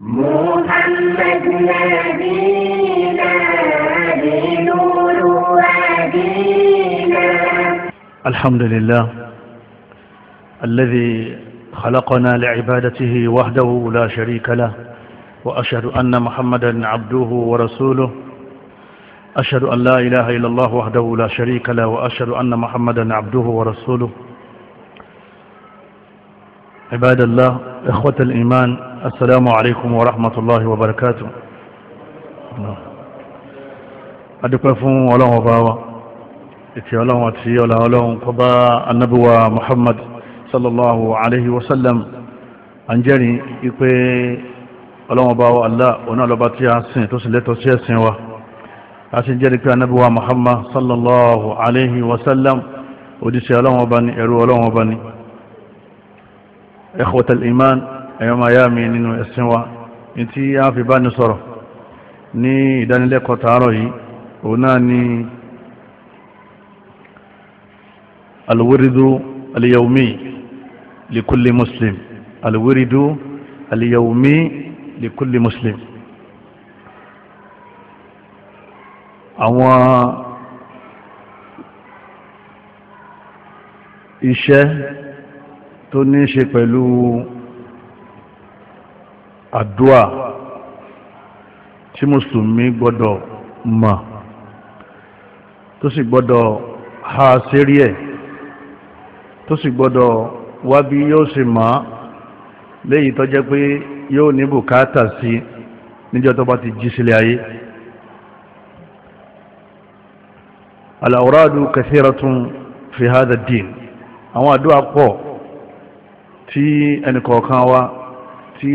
محمد نبينا بنور هدينا الحمد لله الذي خلقنا لعبادته وحده لا شريك له وأشهد أن محمدا عبده ورسوله أشهد أن لا إله إلا الله وحده لا شريك له وأشهد أن محمدا عبده ورسوله عباد الله إخوة الإيمان السلام عليكم ورحمة الله وبركاته أدوكم فون ولهم وباوا إتي ولهم وتي ولهم قضاء النبوة محمد صلى الله عليه وسلم أنجاني إكوي ولهم وباوا الله ونالباتي أسين تسلت وسيسين وه àti jẹ́rìí pé anábíwá muhammad sallallahu alaihi wasallam òjíṣẹ́ ọlọ́wọ́n ọba ni ẹ̀rù ọlọ́wọ́n ọba ni إخوة الإيمان ẹ̀yọ́ máa yá mi nínú ẹ̀sìn wa tí a fi bá ní sọ̀rọ̀ ní ìdánilẹ́kọ̀ọ́ tààrọ̀ yìí òun náà ni alwiridu aliyaumi likulli muslim alwiridu aliyaumi likulli muslim àwọn iṣẹ́ tó ní ṣe pẹ̀lú àdúà tí mùsùlùmí gbọ́dọ̀ mọ̀ tó sì gbọ́dọ̀ ha sérí ẹ̀ tó sì gbọ́dọ̀ wá bí yóò ṣe mọ̀ léyìí tó jẹ́ pé yóò ní bùkátà sí níjọ́ tó bá ti jí sílẹ̀ ayé. al-awradu kathiratun fi hadha ad àwọn àdúà pọ̀ tí ẹnìkọ̀ọ̀kan wa tí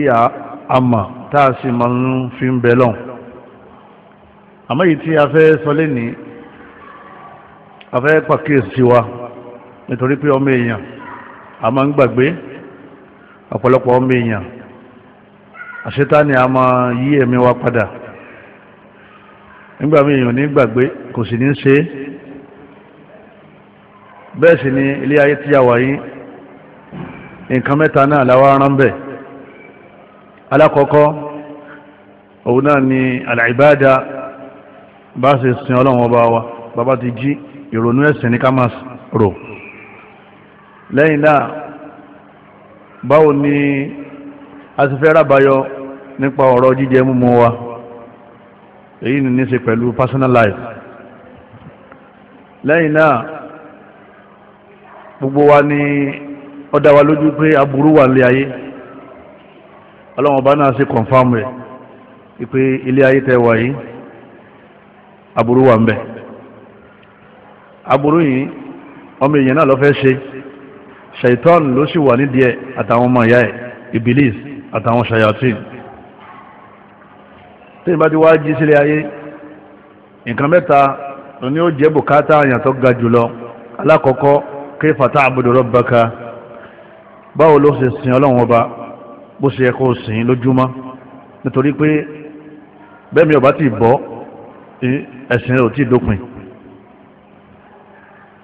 a mọ̀ tá a sì máa ń fi ń bẹ lọ́hùn àmọ́ yìí tí a fẹ́ sọ lẹ́ni a fẹ́ pàkíyèsí wa nítorí pé ọmọ èèyàn a máa ń gbàgbé ọ̀pọ̀lọpọ̀ ọmọ èèyàn àṣetáni a máa yí ẹ̀mí wa padà nígbà míì èèyàn ní gbàgbé kò sì ní ṣe bẹ́ẹ̀ sì ni ilé ayé tí a wà yìí nǹkan mẹ́ta náà làwọn aràn bẹ̀ alákọ̀ọ́kọ́ òun náà ni àlàìbáàdà bá ṣe sin ọlọ́run ọba wa bàbá ti jí ìrònú ẹ̀sìn ní ká máa rò lẹ́yìn náà báwo ni a ti fẹ́ rábàyọ nípa ọ̀rọ̀ jíjẹ mímu wa èyí ni ní ṣe pẹ̀lú personal life lẹ́yìn náà gbogbo wa ni ó dá wa lójú pé aburú wà nílé ayé ọlọ́run ọba náà ṣe kọ̀ǹfàmù rẹ̀ ìpè ilé ayé tẹ wà yìí aburú wà ń bẹ aburú yìí ọmọ èèyàn náà ló fẹ́ ṣe ṣàìtọ́n ló sì wà nídìí ẹ̀ àtàwọn ọmọ ìyá ẹ̀ ibilis àtàwọn ṣayatin tí ìbá ti wá jí sílé ayé nǹkan mẹ́ta ló ní ó jẹ́ bùkátà àyàn ga jùlọ alákọ̀ọ́kọ́ kayfa ta'budu rabbaka báwo ló ṣe sin ọlọ́run ọba bó ṣe yẹ kó sìn lójúmọ́ nítorí pé bẹ́ẹ̀ mi ọba ti bọ́ ẹ̀sìn rẹ̀ ò tí ì dópin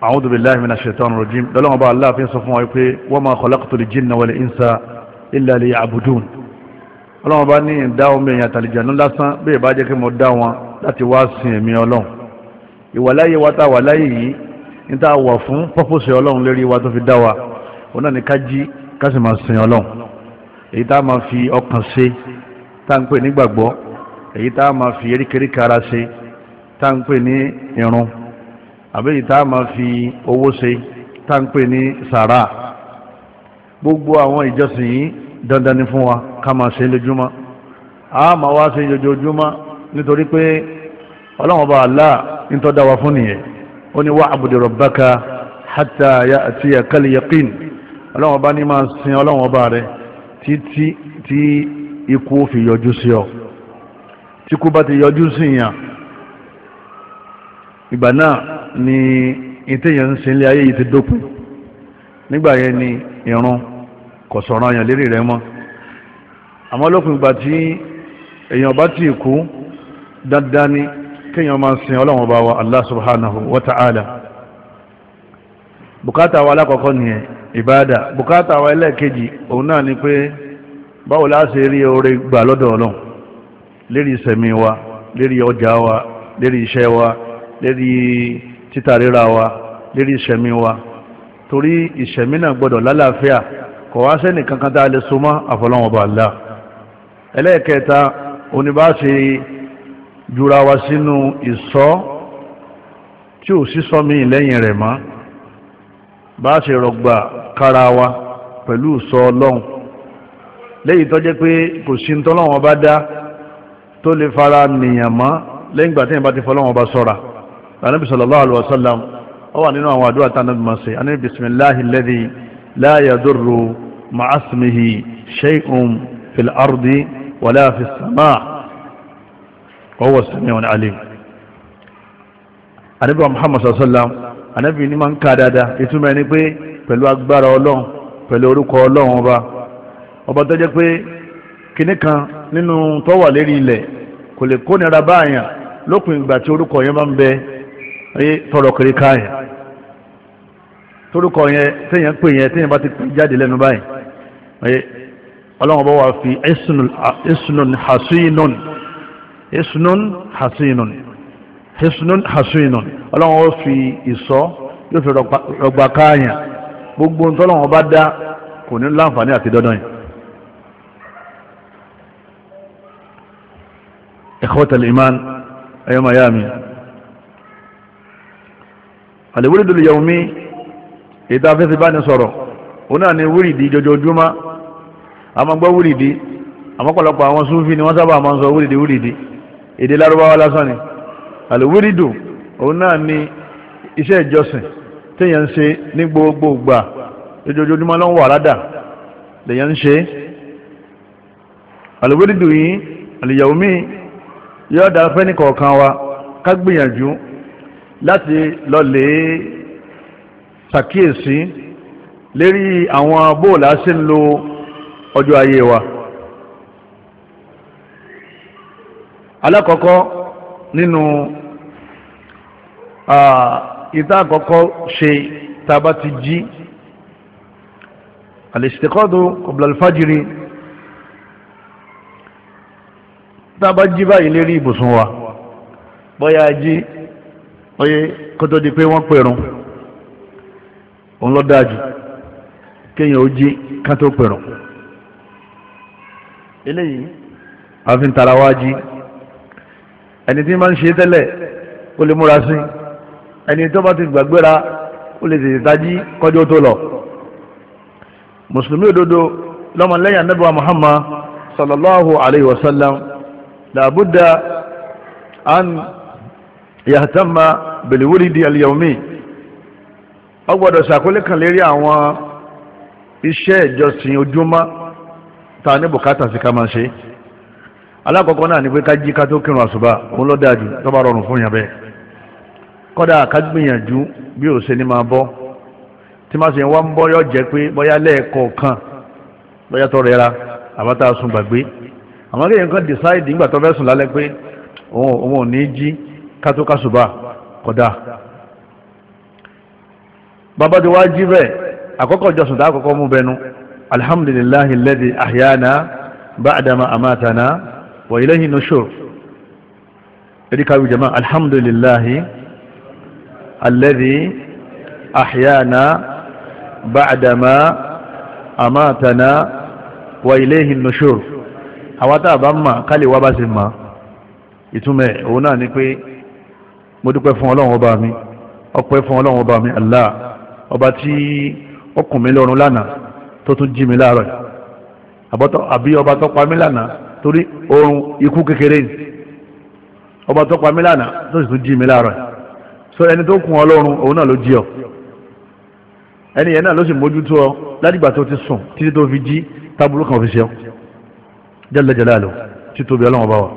a'udhu billahi minash shaitanir rajim lọ́lọ́run ọba aláàfin sọ fún wa pé wa ma khalaqtul jinna wal insa illa liya'budun ọlọ́run ọba ní ìdá omi èèyàn àtàlìjànú lásán bẹ́ẹ̀ bá jẹ́ kí mo dá wọn láti wá sin èmi ọlọ́run ìwàláyé wa tá wà láyé yìí ní tá a wà fún pọ́pọ́sì ọlọ́run lérí wa tó fi dá wa òun náà ní ká jí ká sì máa sin ọlọ́run èyí tá a máa fi ọkàn ṣe tá à ń pè nígbàgbọ́ èyí tá a máa fi eríkèéríkèé ara ṣe tá à ń pè ní irun àbí èyí tá a máa fi owó ṣe tá à ń pè ní sàrà gbogbo àwọn ìjọsìn yìí dandan ni fún wa ká máa ṣe lójúmọ́ a máa wá ṣe lójoojúmọ́ nítorí pé ọlọ́run ọba Allah ń tọ́ da wa fún nìyẹn ó ní wa'budu rabbaka hatta ya'tiyakal yaqin ọlọ́run ọba ní máa sin ọlọ́run ọba rẹ títí tí ikú fi yọjú sí ọ tí ikú bá ti yọjú sí yàn ìgbà náà ni ìtẹ̀yẹ̀ ń sin ilé ayé yìí ti dópin nígbà yẹn ni ìrun kò sọ̀rọ̀ àyàn lérí rẹ mọ́ àmọ́ lópin ìgbà tí èèyàn bá ti kú dandan ni kéèyàn máa sin ọlọ́run ọba wa Allah subhanahu wa ta'ala. Bukata wa alákọ̀ọ́kọ́ nìyẹn ìbáadà bùkátà wa ẹlẹ́ẹ̀kejì òun náà ni pé báwo la rí oore gbà lọ́dọ̀ ọlọ́run lérí ìsẹ̀mí wa lérí ọjà wa lérí iṣẹ́ wa lérí títà rírà wa lérí ìsẹ̀mí wa torí ìsẹ̀mí náà gbọ́dọ̀ lálàáfíà kò wá sẹ́ni kankan tá a lè so mọ́ àfọlọ́wọn bá la ẹlẹ́ẹ̀kẹta oníbàṣe jura wa sínú ìsọ́ tí ò sí sọ́mi lẹ́yìn rẹ̀ mọ́ bá a ṣe rọgbà kára wa pẹ̀lú sọ ọlọ́run lẹ́yìn tó jẹ́ pé kò sí ní tọ́lọ́wọ́n bá dá tó lè fara nìyàn mọ́ lẹ́yìn ìgbà téèyàn bá ti fọlọ́wọ́n bá sọ̀ra Ànábì sallallahu alaihi wasallam ó wà nínú àwọn àdúrà tánà bímọ sí Ànábì bisimilahi alladhi la yadurru ma'asmihi shay'un fil ardi wala fis sama' wa huwa as-sami'ul alim Ànábì Muhammad sallallahu ànábì ni máa ń ka dáadáa ìtumọ̀ ẹni pé pẹ̀lú agbára ọlọ́run pẹ̀lú orúkọ ọlọ́run ọba ọba tó jẹ́ pé kinní kan nínú tó wà lérí ilẹ̀ kò lè kó nira báyà lópin ìgbà tí orúkọ yẹn bá ń bẹ tọrọ kiri káyà torúkọ yẹn téèyàn pè yẹn téèyàn bá ti pè jáde lẹ́nu báyìí ọlọ́run ọba wà fi esunun hasinun esunun hasinun hesnun hasunun ọlọ́run ó fi ìsọ yóò fi rọgbà káàyàn gbogbo ohun tọ́lọ́run bá dá kò ní láǹfààní àti dandan yìí. إخوة الإيمان أيام أيامي الورد اليومي إذا في ثبان صورو هنا ni wúrìdì jojoojúmọ́ a máa gbọ́ wúrìdì àmọ́ ọ̀pọ̀lọpọ̀ àwọn súnfì ni wọ́n sábà máa ń sọ wúrìdì wúrìdì èdè lárúbáwá lásán ni àlùwírídù òun náà ni iṣẹ́ ìjọsìn téèyàn ń ṣe ní gbogbo ìgbà ojoojúmọ́ ló ń wà ládà lèyàn ń ṣe àlùwírídù yìí àlìyàwó mi yóò dára fẹ́ ní kọ̀ọ̀kan wa ká gbìyànjú láti lọ lè ṣàkíyèsí lérí àwọn bóòlù àṣẹ ń lo ọjọ́ ayé wa alákọ̀ọ́kọ́ nínú ìta àkọ́kọ́ ṣe tàbá ti jí al-istiqadu qabla al-fajri tàbá jí báyìí lérí ibùsùn wa bóyá jí oye kótó di pé wọ́n pèrún òun ló dáa jù kéèyàn ó jí kán tó eléyìí àfi ń tara ẹni tí máa ń ṣe tẹ́lẹ̀ ó lè múra sí ẹni tó bá ti gbàgbéra ó lè tètè tají kọjọ́ tó lọ mùsùlùmí òdodo lọ́mọlẹ́yìn anábíwá muhammad sallallahu alayhi wa sallam làbúdà an yàtàmà bèlìwúrìdì àlìyàwómi ó gbọ́dọ̀ ṣàkólé kan lérí àwọn iṣẹ́ ìjọsìn ojúmọ́ ta ní bùkátà sí ká máa ṣe é alákọ̀ọ́kọ́ náà ni pé ká jí ká tó kírun àṣùbà òun ló dáa tó bá rọrùn fún yàn bẹ́ẹ̀ kọ́dà ká gbìyànjú bí ò ṣe máa bọ́ tí máa ṣe wá ń bọ́ yọ jẹ́ pé bóyá lẹ́ẹ̀kọ̀ọ̀kan bóyá tó àbátá gbàgbé àmọ́ kan decide nígbà tó fẹ́ sùn lálẹ́ pé òun ò ní jí ká tó wa ilayhi nushur erikawi jama alhamdulillahi alladhi ahyana ba'dama amátana wa ilayhi nushur àwọn tá a bá mà kálí wá bá sì mà ìtumẹ̀ òun náà ni pé mo dúpẹ́ fún ọlọ́run ọba mi ọpẹ́ fún ọlọ́run ọba mi Allah ọba tí ó kùn mí lọ́rùn lánàá tó tún mi láàárọ̀ àbí ọba tó pa mí lánàá torí oorun ikú kékeré ni ọba tó pa mí lánàá tó sì tún jí mi láàárọ̀ so ẹni tó kun ọlọ́run òun náà ló jí ọ ẹni yẹn náà ló sì mójútó ọ ládìgbà tó ti sùn títí tó fi jí tábúrú kan fi ṣe ọ jalla jalalu títóbi ọlọ́run bá wa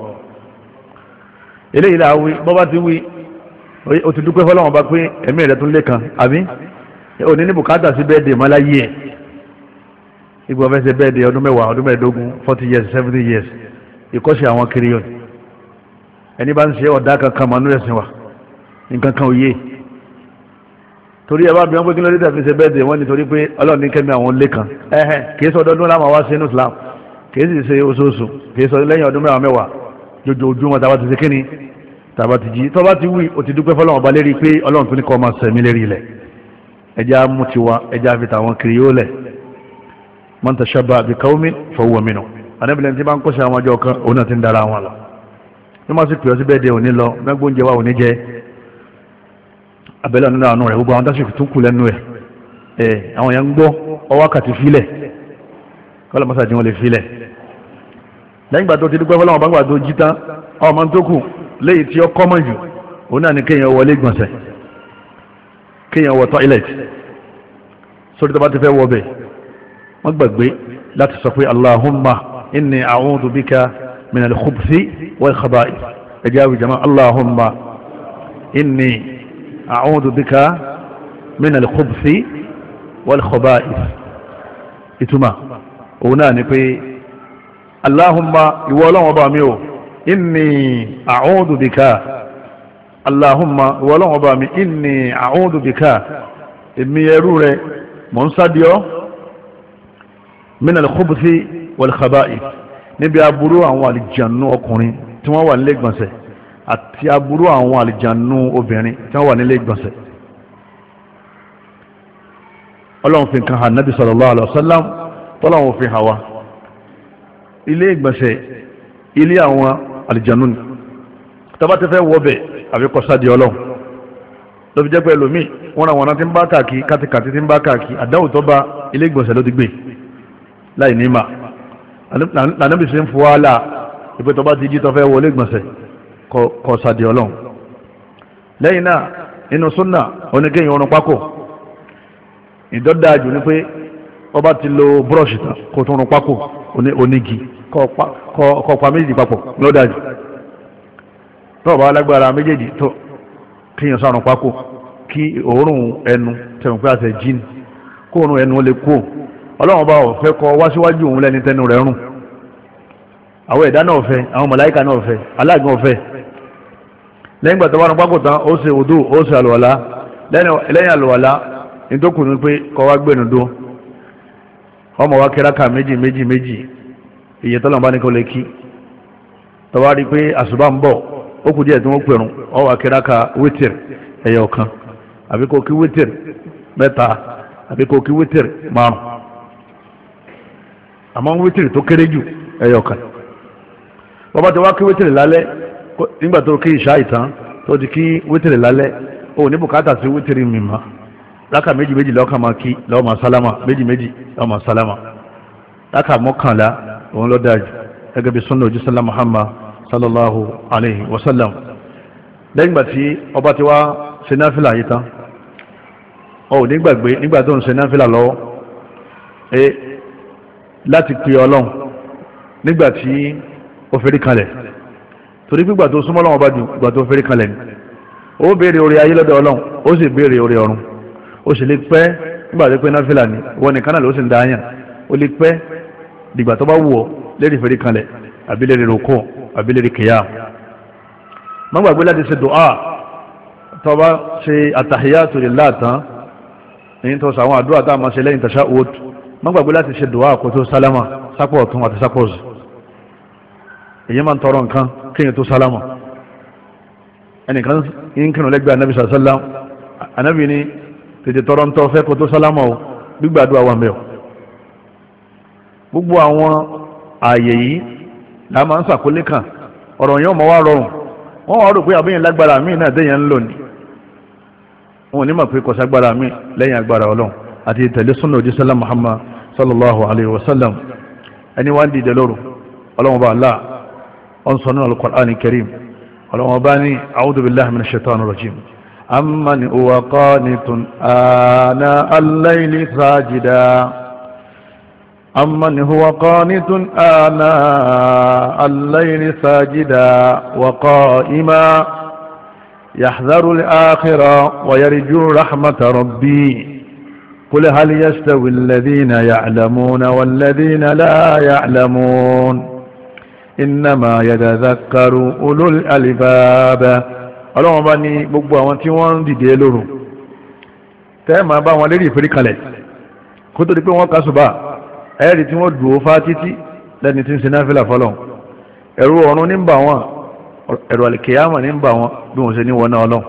eléyìí là á wí bọ́bá ti wí o ti dúpẹ́ fọlọ́run bá pé ẹ̀mí rẹ̀ tún lé kan àbí òní ní bùkátà sí bẹ́ẹ̀ dè mọ́ láyé ẹ̀ igbó ọfẹsẹ bẹẹ di ọdún mẹ́wàá ọdún mẹ́ẹ̀ẹ́dógún forty years seventy years ìkọ́sí àwọn kiri yọ ẹni bá ń ṣe ọ̀dà kankan mọ́nú ẹ̀sìn wa nǹkan kan ò yé torí ẹ bá bí wọn pé kí ló dé dàbí ṣe bẹ́ẹ̀ dé wọn nítorí pé ọlọ́run ní kẹ́mi àwọn lé kan ẹ̀hẹ́n kì í sọ ọdọọdún láwọn wá sí inú Islam kì í sì ṣe oṣooṣù kì í sọ lẹ́yìn ọdún mẹ́wàá mẹ́wàá jojoojúmọ́ tàbá ti ṣe kíni tàbá ti jí tọ́ba ti wí o ti dúpẹ́ fọlọ́run ọba lérí pé ọlọ́run tún ní kọ́ ọmọ sẹ̀mí lérí ilẹ̀ ẹja mú tiwa ẹja fi tàwọn kiri yóò lẹ̀ man tashabbaha bi qaumin fahuwa minhum anábìlẹ̀ tí bá ń kó sí àwọn ọjọ́ kan òun náà ti ń dara wọn lọ ní ma sì pè ọ́ sí bẹ́ẹ̀ de òní lọ mẹ́gbó oúnjẹ wa òní jẹ abẹ́lẹ̀ nínú àánú rẹ̀ gbogbo àwọn tásìkò tún kù lẹ́nu ẹ̀ ẹ̀ àwọn yẹn ń gbọ́ ọwọ́ àkàtì filẹ̀ kọ́lá mọ́sá tí wọ́n lè filẹ̀ lẹ́yìn gbàtọ́ ti dúpẹ́ fọlọ́wọ́n ni kéèyàn wọlé gbọ̀nsẹ̀ kéèyàn wọ tọ́ílẹ̀tì sórí tó bá wọ́n gbàgbé láti sọ pé allahumma inni a'udhu bika min al-khubuthi wal khaba'ith ẹ̀jẹ̀ àwọn jama allahumma inni a'udhu bika min al-khubuthi wal khaba'ith ìtumà òun náà ni pé allahumma ìwọ ọlọ́wọ́n bá mi o inni a'udhu bika allahumma ìwọ ọlọ́wọ́n bá mi inni a'udhu bika èmi ẹrú rẹ mò ń sádìọ́ minal khubuthi wal khaba'ith níbi aburú àwọn àlìjànú ọkùnrin tí wọ́n wà nílé gbọ̀nsẹ̀ àti aburú àwọn àlìjànú obìnrin tí wọ́n wà nílé gbọ̀nsẹ̀ ọlọ́run fi nǹkan hàn nábì sallallahu alaihi wasallam tọ́lọ́run fi hàn wá ilé gbọ̀nsẹ̀ ilé àwọn àlìjànú ni tọ́ba ti fẹ́ wọbẹ̀ àfikọ́sádìí ọlọ́run lọ́bi jẹ́ pé ẹlòmíì wọ́n ra wọn náà ti ń bá káàkiri kátikàti ti ń bá káàkiri àdáwò tó bá ilé ìgbọ̀nsẹ̀ ló ti gbé láì ní mà lànàbì sí ń fún wa là ìpè tó bá ti jí tó fẹ́ wọlé gbọ̀nsẹ̀ kọ sàdé ọlọ́run lẹ́yìn náà inú súnà oníkéyìn orun pákó ìdọ́dá jù ni pé ọba ti lo búrọ̀ṣì tán kó tó orun pákó onígi kọ pa méjì papọ̀ lọ́dà jù tó bá alágbára méjèèjì tó kíyàn sárun pákó kí òórùn ẹnu tẹ̀wọ̀n pé àṣẹ jíìnì kó òórùn ẹnu lè kú òun ọlọ́run bá ọ̀fẹ́ kọ wá síwájú òun lẹ́ni tẹnu rẹ̀ rùn àwọn ẹ̀dá náà ọ̀fẹ́ àwọn màláíkà náà ọ̀fẹ́ aláàgbọ̀n ọ̀fẹ́ lẹ́yìn gbàtọ́ bá rán pákó ó ṣe òdò ó ṣe àlùwàlá lẹ́yìn àlùwàlá nítòkù ni pé kọ́ wá gbẹ̀nu ọmọ wa kẹ́ráka méjì méjì méjì ìyẹ́ ní lè kí tọ́wá rí pé àṣùbà ń bọ̀ ó kù díẹ̀ tí wọ́n pẹ̀rùn ọ àmọ́ wítìrì tó kéré jù ẹyọ kan bàbá tí wàá kí wítìrì lálẹ́ nígbà tó kí ìṣá ìtàn tó di kí wítìrì lálẹ́ si ní bùkátà sí wítìrì mìíràn láka méjì méjì lọ́kàn máa kí lọ́wọ́ máa sálámà méjì méjì lọ́wọ́ máa sálámà láka mọ́kànlá òun ló dáa jù gẹ́gẹ́ bí sunna Muhammad sallallahu alayhi wa sallam lẹ́yìn ìgbà tí ọba ti wá yìí tán nígbà tó ń senafila lọ́wọ́ láti pe ọlọ́run nígbà tí ó fẹ́rí kalẹ̀ torí pé ìgbà tó súnmọ́ ọlọ́run ọba jù ìgbà tó fẹ́rí kalẹ̀ ni ó béèrè orí ayé lọ́dọ̀ ọlọ́run ó sì béèrè orí ọ̀run ó sì lè pẹ́ nígbà tó pé náfìlà ni wọn nìkan náà ló sì ń da yàn ó lè pẹ́ dìgbà tó bá wù ọ́ lérí fẹ́rí kalẹ̀ àbí lérí roko àbí lérí kìyà má láti ṣe dùá tó bá ṣe àtàhíyà tó lè láàtàn èyí tó sàwọn àdúrà tá a máa ṣe lẹ́yìn tàṣà òótù má gbàgbé láti ṣe dùwà àkótó sálámà sápò ọ̀tún àti sápò òsì èyí máa ń tọrọ nǹkan kéèyàn tó sálámà ẹnìkan ń kírun lẹ́gbẹ̀ẹ́ anabi sàlám anabi ni tètè tọrọ ń tọ fẹ́ kó sálámà o gbígbàdúrà wà mẹ́ọ̀ gbogbo àwọn ààyè yìí la máa ń sàkólé kan ọ̀rọ̀ yẹn ò mọ̀ wá rọrùn wọ́n wá rò pé àbẹ̀yẹn lágbára míì náà dẹ́yẹn ń lò ní wọn ò ní mọ̀ pé kọ̀ságbára àti tẹ̀lé súnà òjísọ́lá muhammad sallallahu alayhi wa sallam ẹni wá ń dìde lóru ọlọ́mọba allah ọ̀n sọ nínú alukur'an kareem ọlọ́mọba ní a'udhu billahi minash shaitani rajim amman huwa qanitun ana al-layli sajida أمن هو قانت آناء الليل ساجدا وقائما يحذر الآخرة ويرجو رحمة ربي قل هل يستوي الذين يعلمون والذين لا يعلمون إنما يتذكر أولو الألباب ọlọ́run bá ní gbogbo àwọn tí wọ́n ń dìde lóru tẹ́ máa bá wọn lérí ìforíkalẹ̀ kó tó di pé wọ́n kà sùbà ẹ̀rí tí wọ́n dùn ó fá títí lẹ́ni tí ń ṣe náfìlà fọlọ́n ẹ̀rù ọ̀run ní ń bà wọ́n ẹ̀rù àlìkèyàmọ̀ ní ń bà wọ́n bí wọ́n ṣe ní wọ́n náà ọlọ́run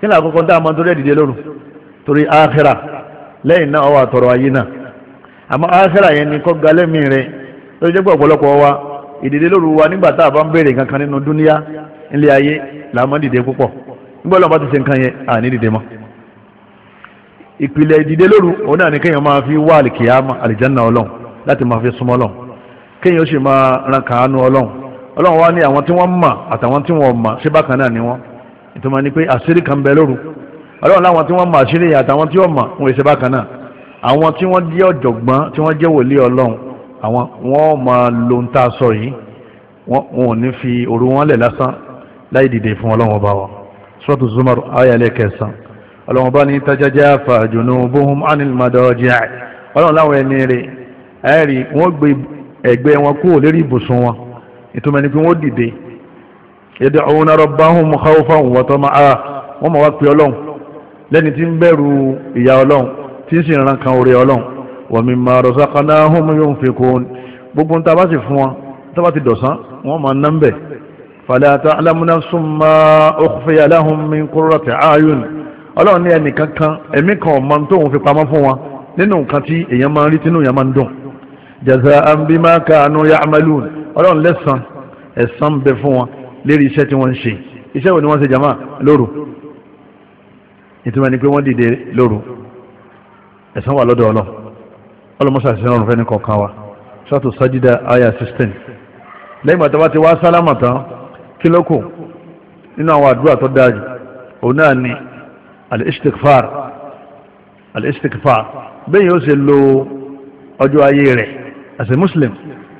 kí ni àkọ́kọ́ dá àmọ́ torí ẹ̀ dìde lóru torí áhẹ́rà lẹ́yìn náà ọwọ́ àtọ̀rọ̀ ayé náà àmọ́ áṣẹ́rà yẹn ni kọ́ galẹ́mì rẹ ló jẹ́ pé ọ̀pọ̀lọpọ̀ wa ìdílé lóru wa nígbà tá a bá ń béèrè nǹkan kan nínú dúníyà nílé ayé là máa ń dìde púpọ̀ nígbà lọ́wọ́ bá ti ṣe nǹkan yẹn à ní dìde mọ́ ìpìlẹ̀ ìdílé lóru òun náà ni kéèyàn máa fi wá àlìkìyàmà àlìjánná ọlọ́run láti máa fi súnmọ́ ọlọ́run kéèyàn ó sì máa ran kàánú ọlọ́run ọlọ́run wa ní àwọn tí wọ́n mọ̀ ni wọ́n ìtumọ̀ ni pé àṣírí kan ọlọ́run láwọn tí wọ́n mọ̀ àṣírí yẹn àtàwọn tí wọ́n mọ̀ wọn èsì bákan náà àwọn tí wọ́n jẹ́ ọ̀jọ̀gbọ́n tí wọ́n jẹ́ wòlíì ọlọ́run àwọn wọ́n máa lo ń tà sọ yìí wọn ò ní fi òru wọn lẹ̀ lásán láì dìde fún ọlọ́run ọba wa suratu zumar ayalẹ̀ kẹsàn ọlọ́run ọba ní tajajafa junubuhum anil madaji' ọlọ́run láwọn ẹni rẹ̀ ẹ̀rí wọ́n gbé ẹ̀gbẹ́ wọn kúrò lérí ibùsùn wọn ìtumọ̀ ni pé wọ́n dìde yad'una rabbahum khawfan wa tama'a wọ́n máa wá pe ọlọ́run lẹ́ni tí ń bẹ̀rù ìyá ọlọ́run tí sì ran kan orí ọlọ́run wa mimma razaqnahum yunfiqun gbogbo ń ta bá sì fún wọn tó dọ̀sán wọn máa ná ń bẹ̀ fala ta'lamu nafsun ma ukhfiya lahum min qurrati a'yun ọlọ́run ní ẹnì kankan ẹ̀mí kan ọ̀mọ tó ń fi pamọ́ fún wọn nínú nǹkan tí èèyàn máa ń rí tínú èèyàn máa ń dùn jaza'an bima kanu ya'malun ọlọ́run lẹ́sàn ẹ̀san bẹ fún wọn lérí iṣẹ́ tí wọ́n ń ṣe iṣẹ́ wo ni wọ́n ṣe jàmáà lóru ìtumọ̀ ni pé wọ́n dìde lóru ẹ̀san wà lọ́dọ̀ ọlọ́ ọlọ́mọṣà sí ọrùn fẹ́ni kọ̀ọ̀kan wa ṣọ́ọ̀tù sájídà àyà sixteen lẹ́yìn bàtà bá ti wá sálámà tán kí ló kù nínú àwọn àdúrà tó dáa jù òun náà ni al-istikfar al-istikfar bẹ́ẹ̀ yóò ṣe lo ọjọ́ ayé rẹ̀ as a muslim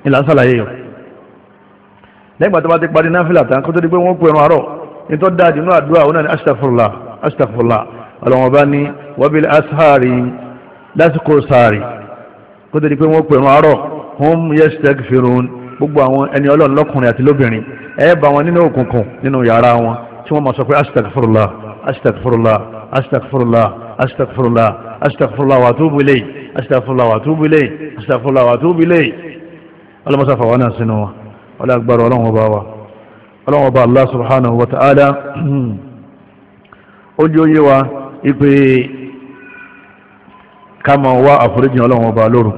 ìlà ń sàlàyé yọ lẹ́yìn bàtà bá ti parí náfìlà tán kó di pé wọ́n pè ẹran àárọ̀ nítorí dáa jù nínú àdúrà òun náà ni astaghfirullah astaghfirullah ọlọ́wọ́n bá ní wabil ashari lásìkò sáàrì kó tó di pé wọ́n pèrún àárọ̀ hum yastaghfirun gbogbo àwọn ẹni ọlọ́run lọ́kùnrin àti lóbìnrin ẹ bá wọn nínú òkùnkùn nínú yàrá wọn tí wọ́n máa sọ pé astaghfirullah astaghfirullah astaghfirullah astaghfirullah astaghfirullah wa atubu ilayhi astaghfirullah wa atubu ilayhi astaghfirullah wa atubu ilayhi ọlọ́mọsá fàwọn náà sínú wọn ọlọ́gbàrọ̀ ọlọ́run ọba wa ọlọ́run ọba allah subhanahu wa ta'ala ó jẹ́ oyé wa ipe ká máa wá àforíjì ọlọ́run ọba lóru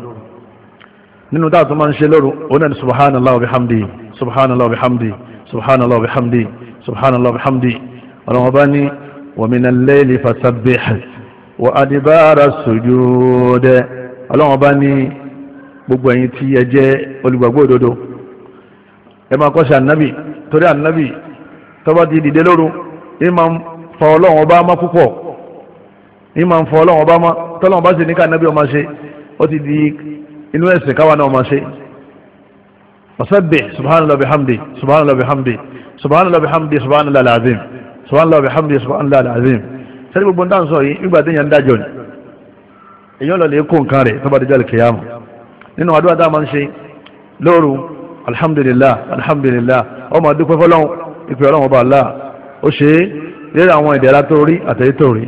nínú dáa tó máa ń ṣe lóru ó náà ní subhanallah wa bihamdi subhanallah wa bihamdi subhanallah wa bihamdi subhanallah wa bihamdi ọlọ́run ọba ní wa minal layli fasabbih wa adibara sujud ọlọ́run ọba ní gbogbo ẹ̀yin tí ẹ jẹ́ olùgbàgbọ́ òdodo ẹ máa kọ́ sí ànábì torí ànábì tó bá dìde lóru imam fọ ọlọ́run ọba má púpọ̀ ní máa ń fọ ọlọ́run ọba má tọ́lọ́run ọba sì ní ká nábì ọmọ ṣe ó ti di inú ẹ̀sìn káwa náà ọmọ ṣe wasabbih subhanallah bihamdi subhanallah bihamdi subhanallah bihamdi subhanallah alazim subhanallah bihamdi subhanallah alazim sẹ́ni gbogbo nǹkan sọ yìí nígbà téèyàn ń dájọ́ ni èèyàn lọ lè kó nǹkan rẹ̀ tó bá dijọ́ lè kéyàmù nínú àdúrà tá a máa ń ṣe lóru alhamdulillah alhamdulillah ọmọ adúpẹ́ fọlọ́run ìpè ọlọ́run ọba Allah ó ṣe é lérí àwọn ìdẹ̀ra tó rí àtẹ̀yẹ tó rí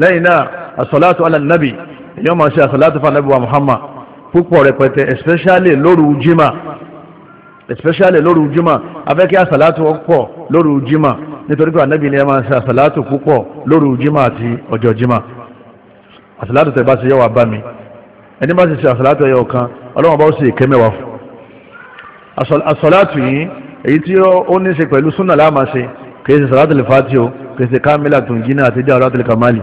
lẹ́yìn náà asọ́látù alànàbì èèyàn máa ṣe asọ́látù fanabi wa muhammad púpọ̀ rẹpẹtẹ especially lóru jimá especially lóru jimá afẹ́kẹ́ asọ́látù pọ̀ lóru jimá nítorí pé anabi ni ẹ máa ṣe asọ́látù púpọ̀ lóru jimá àti ọjọ́ jimá asọ́látù tẹ̀ bá ṣe yẹ wà bá mi ẹni bá ṣe ṣe asọ́látù ẹ̀yọ̀ kan ọlọ́wọ́n bá ó sì kẹ́mẹ́wàá fún asọ́látù yìí èyí tí ó ní ṣe pẹ̀lú súnà láàmà ṣe kìí ṣe sàlátù lè fàtí o kìí ṣe kámílà tó ń jiná àti jáwé látìlẹ̀ kàmáàlì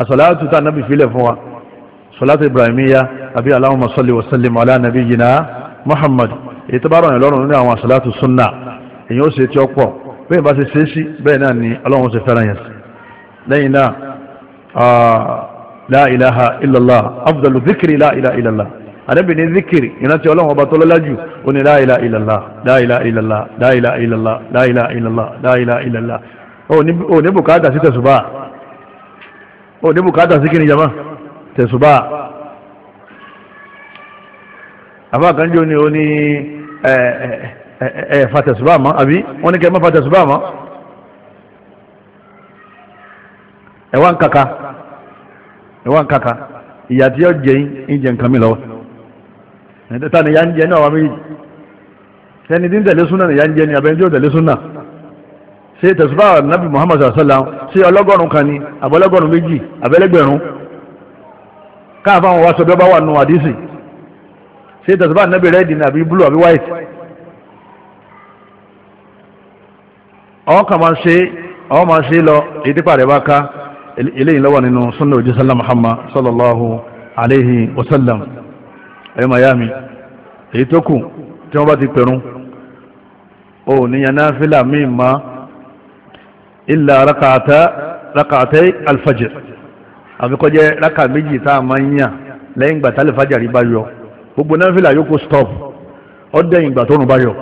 àsàlátù tá nàbì filẹ̀ fún wa sàlátù ibrahimiya àbí allahumma salli wa sallim ala nabiyyina muhammad èyí tó bá rọrùn lọ́rùn nínú àwọn sàlátù sunna èyí ó ṣe tí ó pọ̀ bẹ́ẹ̀ bá ṣe ṣe é sí ni ọlọ́run ṣe fẹ́ràn yẹn lẹ́yìn náà ah, la ilaha illallah afdalu dhikri la ilaha illallah àdẹ́bìnrin zikiri ìrántí ọlọ́run ọba tó lọ́lá jù ó ní la ilaha illallah la ilaha illallah la ilaha illallah la ilaha illallah la ilaha illallah ó ní bùkátà sí tẹ̀sùbá ó ní bùkátà sí kíni jama tẹ̀sùbá afáàkánjó ni ó ní ẹ fa tẹ̀sùbá mọ́ àbí wọ́n ní kẹ́ mọ́ fa tẹ̀sùbá mọ́ ẹ̀wọ̀n kàkà ẹ̀wọ̀n kàkà ìyàtí ọ̀jẹ̀ yín ń jẹ nǹkan mi lọ́wọ́ ẹ̀ẹ́dẹ́ta ni ya ń jẹ ní àwọn méjì sẹ́ni tí ń tẹ̀lé ni ya ń jẹ ní abẹ́ni tí ó tẹ̀lé súnà ṣe tẹ̀sùbà nàbì Muhammad sallam ṣe ọlọ́gọ́rùn kan ni àbọ̀lọ́gọ́rùn méjì àbẹ́lẹ́gbẹ̀rún káàfà wọn wá sọ bí ọba wà nù àdísì ṣe tẹ̀sùbà nàbì rẹ́ẹ̀dì ni àbí blue àbí white àwọn kan máa ṣe àwọn máa ṣe lọ ìdípa rẹ̀ bá ká eléyìí lọ́wọ́ nínú súnà òjísàlá Muhammad sallallahu alayhi wa sallam ẹ̀yọ́ mayami èyí tó kù tí wọ́n bá ti pẹ̀rún o níyàn náfìlà míì má ilà rakata rakata alfajir àfikọ́jẹ́ raka méjì tá a máa ń yàn lẹ́yìn ìgbà tálẹ̀ fàjà rí bá yọ gbogbo náfìlà yòókù stop ọ̀dẹ́yìn ìgbà tó rùn bá yọ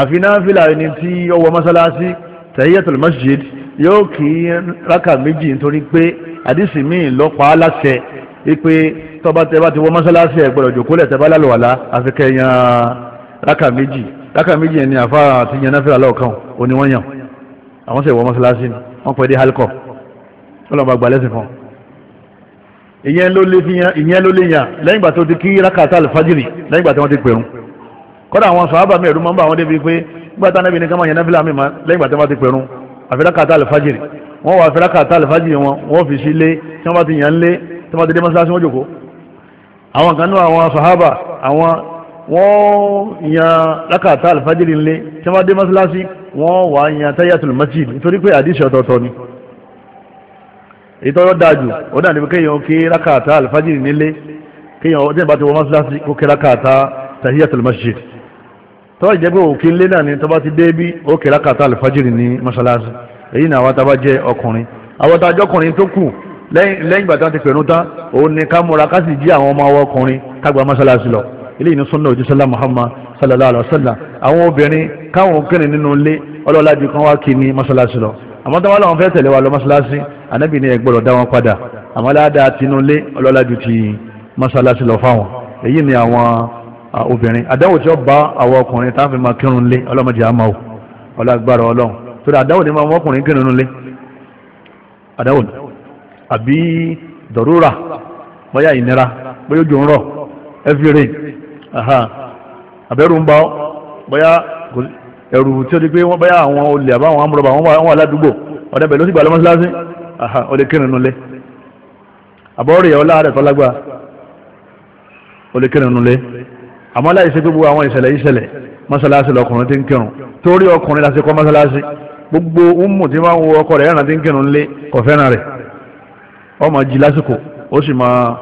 àfi náfìlà ẹni tí ó wọ mọ́sálásí masjid yóò kí raka méjì nítorí pé àdìsí míì lọ́pàá láṣẹ ipe tọba tẹ bá ti wọ mọ́sálásí ẹ̀ gbọ́dọ̀ jòkó lẹ̀ tẹ́bá lálùwàlá àfi kẹyàn rákà méjì rákà méjì yẹn ni àfáà àti yẹn náfẹ́ aláwọ̀kan òní wọ́n yàn àwọn sì wọ mọ́sálásí ni wọ́n pẹ̀lú halkọ̀ ọlọ́run bá gba lẹ́sìn fún un. ìyẹn ló lé fi yan ìyẹn ló lé yàn lẹ́yìn ìgbà tó ti kí rákà tá alifájìrì lẹ́yìn ìgbà tí wọ́n ti pẹ̀rùn kọ́dà àwọn sàhábà mi ẹ̀rú máa ń bá àwọn débi pé nígbà tá anábì ní máa yẹn náfìlà mi lẹ́yìn ìgbà tí wọ́n ti pẹ̀rùn àfi rákà alifájìrì wọ́n wà àfi rákà alifájìrì wọn wọ́n fi sí lé tí wọ́n bá ti yàn ń lé tí wọ́n ti dé mọ́sálásí wọ́n jòkó àwọn kan náà àwọn sàhábà àwọn wọ́n yan lákàtà alfajiri ńlẹ̀ tí wọ́n dé mọ́sálásí wọ́n wà yan tayatul masjid nítorí pé àdìsí ọ̀tọ̀ọ̀tọ̀ ni ìtọ́jọ́ dájú ó dà níbi kéèyàn kí lákàtà alfajiri nílé kéèyàn ó dẹ̀ bá ti wọ mọ́sálásí kó kí lákàtà tahiyatul masjid tọ́wọ́ ìjẹ́ pé òkè ńlé náà ni tọ́ba ti dé bí ó kí lákàtà alfajiri ní mọ́sálásí èyí ni àwọn tábà ọkùnrin àwọn tájọ́kùnrin tó kù lẹ́yìn ìgbà tí wọ́n ti pẹ̀rù tán òun ni ká múra ká sì jí àwọn ọmọ àwọn ọkùnrin kágbà mọ́ṣáláṣí lọ eléyìí ní sunna òjísọ́lá muhammad sallallahu alayhi wa sallam àwọn obìnrin káwọn kìnìún nínú ilé ọlọ́lá ju kan wá kí ní mọ́ṣáláṣí lọ àmọ́ tó wá láwọn fẹ́ tẹ̀lé wa lọ mọ́ṣáláṣí ànábì ni ẹ gbọ́dọ̀ dá wọn padà àmọ́ ládàá tinú ilé ọlọ́lá ju ti mọ́ṣáláṣí lọ fáwọn èyí ni àwọn obìnrin àdáwò tí ó bá àwọn ọkùnrin táwọn fi máa kírun ilé ọlọ́mọdé àmọ́ ọlọ́gbára ọlọ́run torí àdáwò ni máa mọ́kùnrin kírun ilé àdáwò ni àbí dọ̀rúrà bóyá ìnira bóyá ojú ń rọ̀ everyday àbẹ̀rù ń bá ọ bóyá ẹ̀rù tí ó di pé wọ́n bóyá àwọn olè àbáwọn amúrọ̀bà wọ́n wà ládùúgbò ọ̀dẹ bẹ̀rẹ̀ ló sì gbà lọ́mọ́síláṣí olè kírun nulẹ̀ àbọ̀rọ̀ ìyàwó láàárẹ̀ tó lágbára olè kírun nulẹ̀ àmọ́ láì ṣe gbogbo àwọn ìṣẹ̀lẹ̀ ìṣẹ̀lẹ̀ mọ́sálásí lọkùnrin tí ń kírun torí ọkùnrin láti kọ́ mọ́sálásí gbogbo ń mú tí wọ́n wo ọkọ rẹ̀ ẹ̀ràn tí ń kírun lé kọ̀fẹ́ràn rẹ̀ ó máa jí lásìkò ó sì máa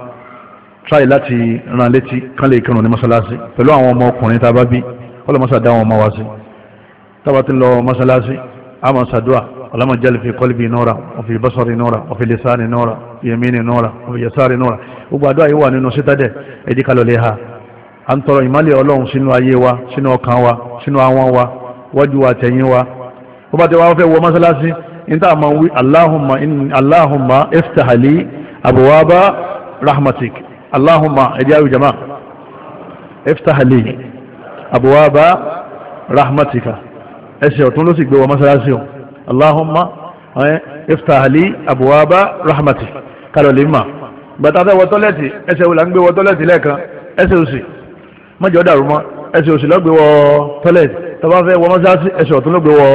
tráì láti ran létí kán lè kírun ní mọ́sálásí pẹ̀lú àwọn ọmọ ọkùnrin tá a bá bí ọlọ́mọṣà dá àwọn ọmọ wa sí tábà ti lọ mọ́sálásí a máa ṣàdúrà اللهم اجعل في قلبي نورا وفي بصري نورا وفي لساني نورا في يميني نورا وفي gbogbo àdúrà yìí wà nínú sítádẹ̀ ẹ̀dí kalọ̀ lè ha à ń tọrọ ìmọ̀lẹ̀ ọlọ́run sínú ayé wa sínú ọkàn wa sínú àwọn wa wájú wa tẹ̀yìn wa bó bá ti wá fẹ́ wọ mọ́sálásí níta máa ń wí aláhùnmá aláhùnmá iftahali abuwaba rahmatik aláhùnmá ẹ̀dí àwọn jama iftahali abuwaba rahmatika ẹsẹ̀ ọ̀tún ló sì gbé wa mọ́sálásí o aláhùnmá iftahali abuwaba rahmatik kálọ̀ lè mà gbàtà fẹ́ wọ tọ́lẹ́tì ẹsẹ̀ wò là ń gbé wọ tọ́lẹ́tì lẹ́ẹ̀kan ẹsẹ̀ òsì mọ́jọ́ dàrú mọ́ ẹsẹ̀ òsì lọ́gbé wọ tọ́lẹ́tì tọ́ba fẹ́ wọ mọ́sálásí ẹsẹ̀ ọ̀tún ló gbé wọ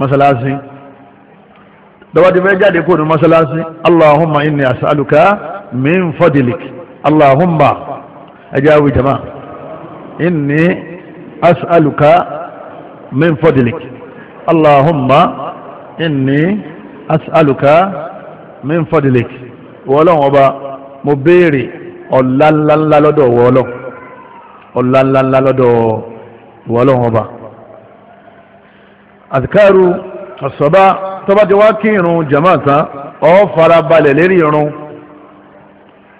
mọ́sálásí dọ́wọ́dì fẹ́ jáde kó ní mọ́ṣáláṣí allahumma inni as'aluka min fadlik allahumma ẹjẹ́ awi jama inni as'aluka min fadlik allahumma inni as'aluka min fadlik wọ́lọ́n ọba mo béèrè ọ̀lànlánlá lọ́dọ̀ wọ́lọ́n ọ̀lànlánlá lọ́dọ̀ wọ́lọ́n àtikáàrú asọba tọ́ba ti wá kí jama fara balẹ̀ lérí irun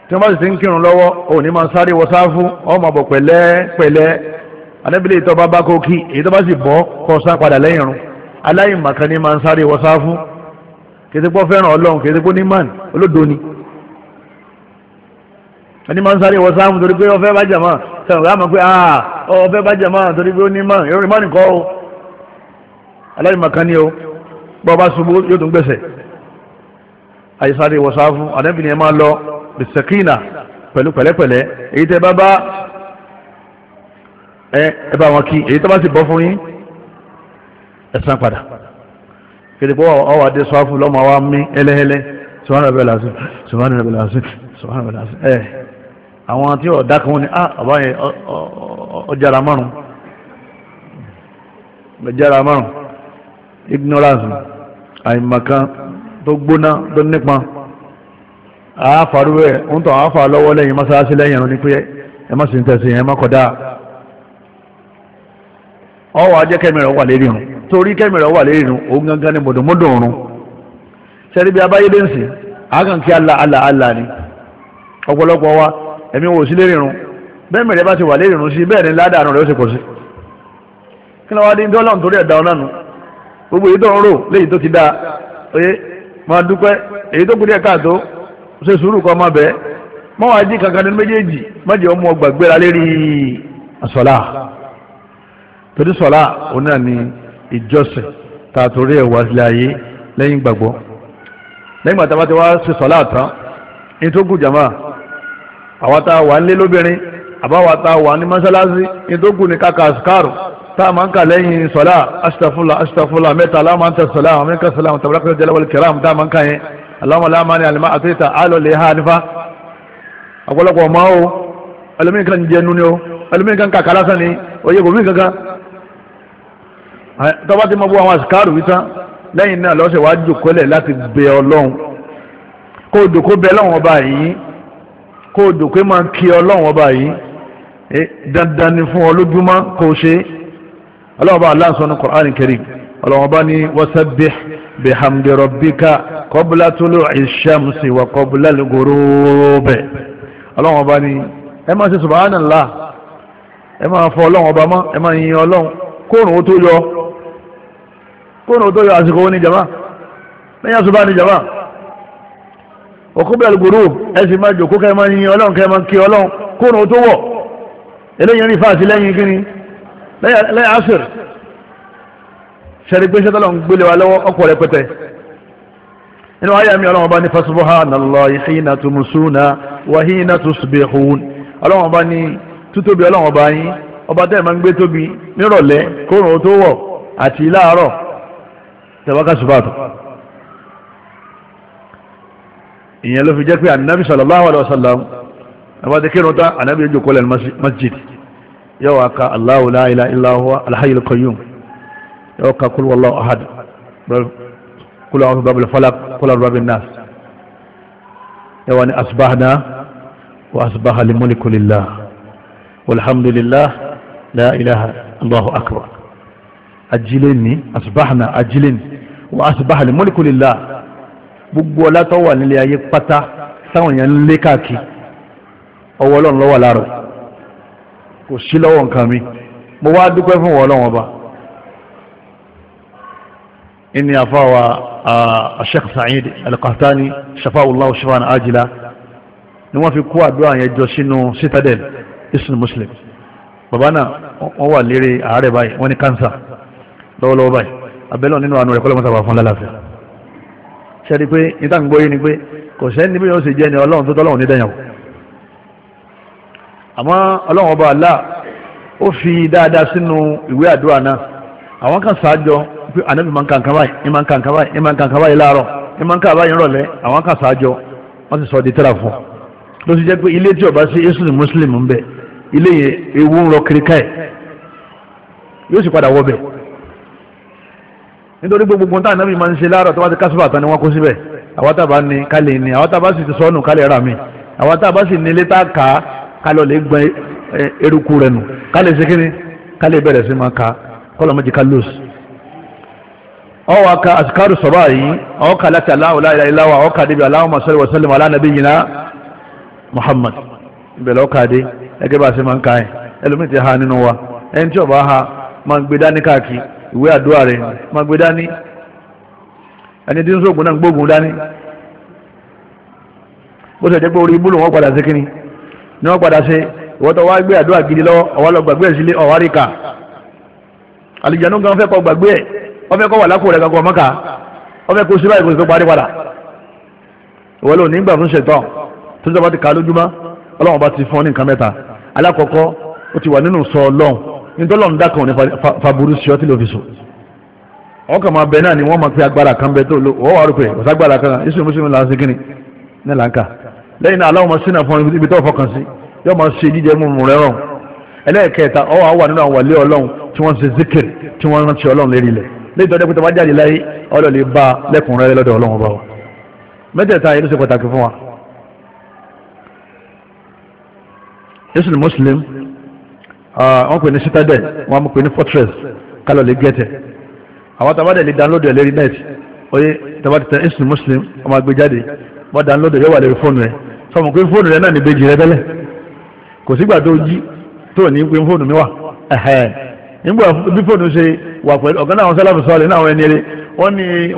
tí ti ń kírun lọ́wọ́ ò ní máa sáré wọ sáfù ọ́ máa bọ̀ pẹ̀lẹ́ pẹ̀lẹ́ anábìlẹ̀ ìtọ́ba bá kó kí èyí tó sì bọ́ kọ́ sá padà lẹ́yìn irun ní máa sáré wọ fẹ́ràn ọlọ́run ní olódo ni ẹni máa sáré wọ torí pé fẹ́ bá aláìmọ̀kan makani o bọ́ọ̀bá ṣubú yóò tún gbẹ̀sẹ̀ àyíṣàdé wọ̀sáfù àdẹ́bìnrin ẹ̀ máa lọ bisikina pẹ̀lú pẹ̀lẹ́pẹ̀lẹ́ èyí tẹ́ bá bá ẹ bá wọn kí èyí tẹ́ bá sì bọ́ fún yín ẹ san padà kìdìpọ̀ ọwọ́ adé sọ́fù lọ́mọ wa mí ẹlẹ́hẹ́lẹ́ sọ́wọ́n rẹ̀ bẹ̀rẹ̀ lásì sọ́wọ́n rẹ̀ bẹ̀rẹ̀ lásì rẹ̀ bẹ̀rẹ̀ lásì àwọn tí ọ̀dà kan ní ọ̀bá yẹn ọjàrà márùn-ún ọjàrà márùn-ún. ignorance àìmọ̀kan tó gbóná tó nípa àáfàrú ń tàn àáfà lọ́wọ́ lẹ́yìn mọ́sáàsì lẹ́yìn ẹ̀rọ ní pé ẹ má sì ń tẹ̀sí má kọ̀dá ọwọ́ ajẹ́ wà lérí rùn torí kẹ́mìrán wà lérí rùn òun gangan ni mọ̀dùnmọ́dùn rùn sẹ́ni bí abáyédé ń sìn àákàn kí ni ọ̀pọ̀lọpọ̀ wa ẹ̀mí sí lérí bẹ́ẹ̀ mẹ̀rẹ̀ bá ti wà lérí sí bẹ́ẹ̀ ni ládàá rẹ̀ ó pọ̀ sí kí ni wàá dọ́là nítorí ẹ̀dá ọ̀nà gbogbo èyí tó ń rò léyìí tó ti dáa oye máa dúpẹ́ èyí tó kù díẹ̀ káàtó ṣe sùúrù kọ́ máa bẹ́ẹ̀ mọ́ wàá jí kankan nínú méjèèjì má jẹ́ ọmọ gbàgbéra lérí àsọ̀lá torí ni ìjọsìn tá a torí ẹ̀ wá sílẹ̀ ayé lẹ́yìn gbàgbọ́ lẹ́yìn gbàtà bá ti wá ṣe tán ní tó kù jàmá àwa tá a wà ń lé lóbìnrin àbáwa tá a máa ń kà lẹ́yìn sọ́lá astaghfirullah astaghfirullah mẹ́ta aláma ń tẹ̀ sọ́lá àwọn mẹ́ka sọ́lá àwọn tàbí lákàtúntà jẹ́lẹ́wọ̀lì kẹràm tá a máa ń kà yẹn aláwọ̀ aláma ni àlùmá àti ìta àlọ́ lè ha nífa ọ̀pọ̀lọpọ̀ ọmọ o ẹlòmíì kan jẹnu ni o ẹlòmíì kan kàkà lásán ni oyè kò mí kankan tọ́ba ti mọ bó àwọn àsìkáàrù wí tán lẹ́yìn náà lọ́sẹ̀ wàá jòkólẹ̀ láti bẹ ọlọ́run kó o dòkó bẹ ọlọ́run ọba yìí kó o dòkó máa kí ọlọ́run ọba yìí dandan ni fún ọ lójúmọ́ ṣe ọlọ́ọ̀bá aláǹsọ̀ ní Qur'an Karim ọlọ́ọ̀bá ní wasabbih bihamdi rabbika qabla tulu'i shamsi wa qabla al-ghurub ọlọ́ọ̀bá ní ẹ máa ṣe subhanallah ẹ máa fọ ọlọ́ọ̀bá mọ́ ẹ máa yin ọlọ́ọ̀ kóòrùn ó tó yọ kóòrùn ó tó yọ àsìkò ó ní jama lẹ́yìn àṣùbá ní jama òkúbẹ̀ al-ghurub ẹ sì máa jòkó kẹ́ máa yin ọlọ́ọ̀ kẹ́ máa kí ọlọ́ọ̀ kóòrùn ó tó wọ̀ eléyìí rí fáàsì lẹ́yìn kíni lẹ́yìn asir sẹ́ni gbèsè tó lọ ń gbélé wa lọ́wọ́ ọkọ̀ rẹpẹtẹ nínú ayé mi ọlọ́wọ́n bá ní fasubhanallahi hina tumsuna wa hina tusbihun ọlọ́wọ́n bá ní tútóbi ọlọ́wọ́n bá yín ọba tẹ́ ẹ̀ máa ń gbé tóbi nírọ̀lẹ́ kóòrùn tó wọ̀ àti láàárọ̀ tẹ̀wáká sùpàtù ìyẹn ló fi jẹ́ pé ànábì sallallahu alaihi wasallam àbádé kírun tá ànábì ojú kọlẹ̀ masjid yóò wá ka Allahu la ilaha illa huwa alhayyul qayyum yóò ka kul wallahu ahad kul a'udhu bi rabbil falaq kul a'udhu bi rabbin nas yóò wá ní asbahna wa asbaha al-mulku lillah walhamdulillah la ilaha allahu akbar ajileni asbahna ajileni wa asbaha al-mulku lillah gbogbo ọlá tó nílé ayé pátá sáwọn yẹn ń lé káàkiri ọwọ́ ọlọ́run ló láàrọ̀ kò sí lọ́wọ́ nǹkan mi mo wá dúpẹ́ fún wọn lọ́wọ́ bá inni afawa a sheikh sa'id al-qahtani shafa'ullahu shafa'an ajila ni wọ́n fi kó àdúrà yẹn jọ sínú citadel islam muslim bàbá náà wọ́n wà lérí àárẹ̀ báyìí wọ́n ní kánsà lọ́wọ́lọ́wọ́ báyìí abẹ́lọ́ nínú àánú rẹ̀ kọ́lọ́ mọ́sàbà fún lálàáfíà ṣe é pé níta ń ni pé kò sẹ́ni bí yóò ṣe jẹ́ ni ọlọ́run tó tọ́lọ́run ní dẹ́yàwó àmọ́ ọlọ́run ọba àlá ó fi dáadáa sínú ìwé àdúrà náà àwọn kan ṣáájọ pé ànábì máa ń ka nǹkan báyìí ìmọ̀ ń ka nǹkan báyìí ìmọ̀ ń ka nǹkan báyìí láàárọ̀ ìmọ̀ ń ka báyìí rọ̀lẹ́ àwọn kan ṣáájọ wọ́n ti sọ di tẹ́lá fún un ló ti jẹ́ pé ilé tí ọba sí yéṣu muslim ń bẹ ilé yẹn ewu ń rọ kiri káyẹ̀ yóò sì padà wọ bẹ̀ nítorí gbogbo nǹkan ànábì máa ń ṣe láàárọ̀ tó bá ti kásùbà tán ni wọ́n kó síbẹ̀ àwọn tábà ní kálí ní àwọn tábà sì ti sọ́nù kálí ẹ̀rà mi àwọn tábà sì ní ilé tá a kà á kálọ̀ lè gbọ́n eruku rẹ̀ nù kálẹ̀ ṣe kíni kálẹ̀ bẹ̀rẹ̀ sí máa ka kọ́lọ̀ méjì ká lóòs. ọwọ́ aka àsìkárù sọ̀rọ̀ yìí ọwọ́ ká láti aláwọ̀ láìláì láwà ọwọ́ ká débi aláwọ̀ masọ́lẹ̀ wọ́sẹ́lẹ̀ mọ́ alánàbí yìí Muhammad ìbẹ̀lẹ̀ ọkà dé ẹgẹ́ bá a ṣe máa ń ka yẹn ẹlòmíì ti ha nínú wa ẹni tí ọba ha máa ń gbé dání káàkiri ìwé àdúrà rẹ̀ máa gbé dání ẹni tí ń sóògùn náà ń dání bó ṣe jẹ́ pé orí ibú lòun wọ́n padà sí kínní ni wọ́n padà ṣe ìwọ́n tó wá gbé àdúrà gidi lọ́wọ́ ọ̀wá lọ gbàgbé ẹ̀ sílé ọ̀wá rí ka àlìjánu gan fẹ́ kọ́ gbàgbé ẹ̀ wọ́n fẹ́ kọ́ wà lákòó rẹ̀ kankan ọmọ ká wọ́n fẹ́ kó síbáyìí kó sì tó parí padà ìwọ́n lò nígbà fún ṣètọ́ tó sábà ti kà á lójúmọ́ ọlọ́run bá ti fún ọ ní nǹkan mẹ́ta alákọ̀ọ́kọ́ ó ti wà nínú sọ ọlọ́run nítorí ọlọ́run dákan ní faburú sí ọ tí ló fi sùn wọ́n kàn máa bẹ náà ni wọ́n máa pe agbára kan bẹ tó lò lẹ́yìn náà aláwọ̀ máa sínú àfọ̀n ibi tó fọkàn sí yóò máa ṣe jíjẹ mímu rẹ̀ rọrùn ẹlẹ́ẹ̀kẹta ọwọ́ àwọn wà nínú àwọn wàlẹ́ ọlọ́run tí wọ́n ṣe zikir tí wọ́n rántí ọlọ́run lérí ilẹ̀ lẹ́yìn tó dẹ́kun tó bá jáde láyé ọlọ́ lè bá lẹ́kùnrẹ́rẹ́ lọ́dọ̀ ọlọ́run bá wa mẹ́tẹ̀ẹ̀ta yìí ló ṣe pàtàkì fún wa yusuf muslim wọ́n pè ní citadel wọ́n pè ní fortress kálọ̀ lè gẹ̀tẹ̀ àwọn tàbá lè download ẹ̀ lérí net oye tàbá ti tẹ yusuf muslim ọmọ àgbéjáde wọ́n download yóò wà lórí fóònù rẹ̀ sọmọ pé fóònù rẹ̀ náà ní bèjì rẹ̀ tẹ́lẹ̀ kò sígbà tó jí tó ní pé fóònù mi wà nígbà bí fóònù ṣe wà pẹ̀lú ọ̀gá náà wọn sálàfù sọ́ọ̀lẹ̀ náà wọn ẹni eré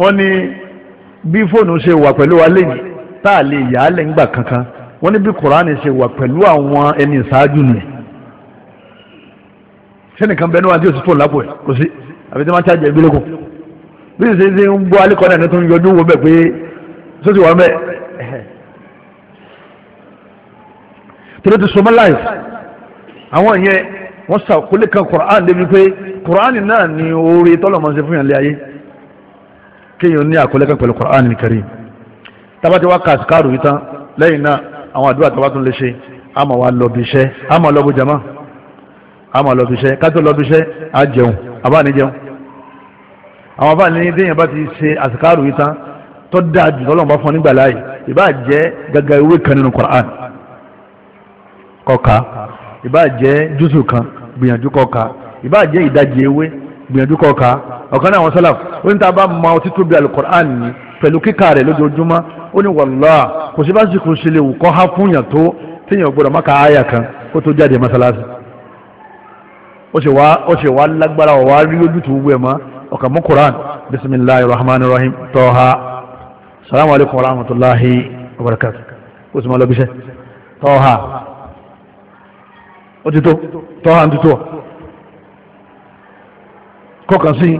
wọ́n ní bí fóònù ṣe wà pẹ̀lú wa lẹ́yìn tá a lè yà á lẹ̀ ńgbà kankan wọ́n ní bí kùránì ṣe wà pẹ̀lú àwọn ẹni ìṣáájú nìyẹn sẹ́nìkan bẹ́ẹ̀ níwájú òsì fóònù lápò ẹ̀ kò sí àbí tí wọ́n ti àjẹ́ ìgbélógún bí ìṣe ń bọ́ alẹ́kọ̀ọ́ náà ní tó ń yọjú wo bẹ́ẹ̀ pé sóṣì wà mẹ́ẹ̀ tẹ́lẹ̀ ti sọmọ́ láì àwọn ìyẹn wọ́n sàkólé kan Qur'an débi pé Qur'an náà ni oore tọ́lọ̀mọ́ ṣe fún yàn lé ayé kéèyàn ní àkólé kan pẹ̀lú Qur'an Karim tabati wa kàṣkàrù yìí tán lẹ́yìn náà àwọn àdúrà tó bá tún lè ṣe a máa wá lọ bí iṣẹ́ a máa lọ bó jama a máa lọ bí iṣẹ́ ká tó lọ bí iṣẹ́ a jẹun àbáni jẹun àwọn àbáni déyìn bá ti ṣe àṣkàrù yìí tán tó dáa jù tọ́lọ́mọ́ bá fún nígbà láàyè ìbá jẹ́ gàgà ìwé kan nínú Qur'an kọ́ka ìbá jẹ́ júùsù kan gbìyànjú kọ́ka ìbá jẹ́ ìdajì ewé gbìyànjú kọ́ka ọ̀kan náà àwọn sálàf ó ní tá bá ma ọtí tóbi alukur'an ni pẹ̀lú kíkà rẹ̀ lójoojúmọ́ ó ní wàllá kò sí bá sì kò ṣe lè wù kọ́ há fún yàn tó téèyàn gbọ́dọ̀ má ka àyà kan kó tó jáde mọ́sálásí ó ṣe wá ó ṣe wá lágbára ó wá rí ojútùú wẹ̀ mọ́ ọ̀kan mú quran bisimilahi rahman rahim tọ́ha salamu alaykum wa rahmatulahi wa barakatu ó sì máa lọ bíṣẹ́ tọ́ha ó ti tó tọ́wọ́ àti tó kọ́kàn sí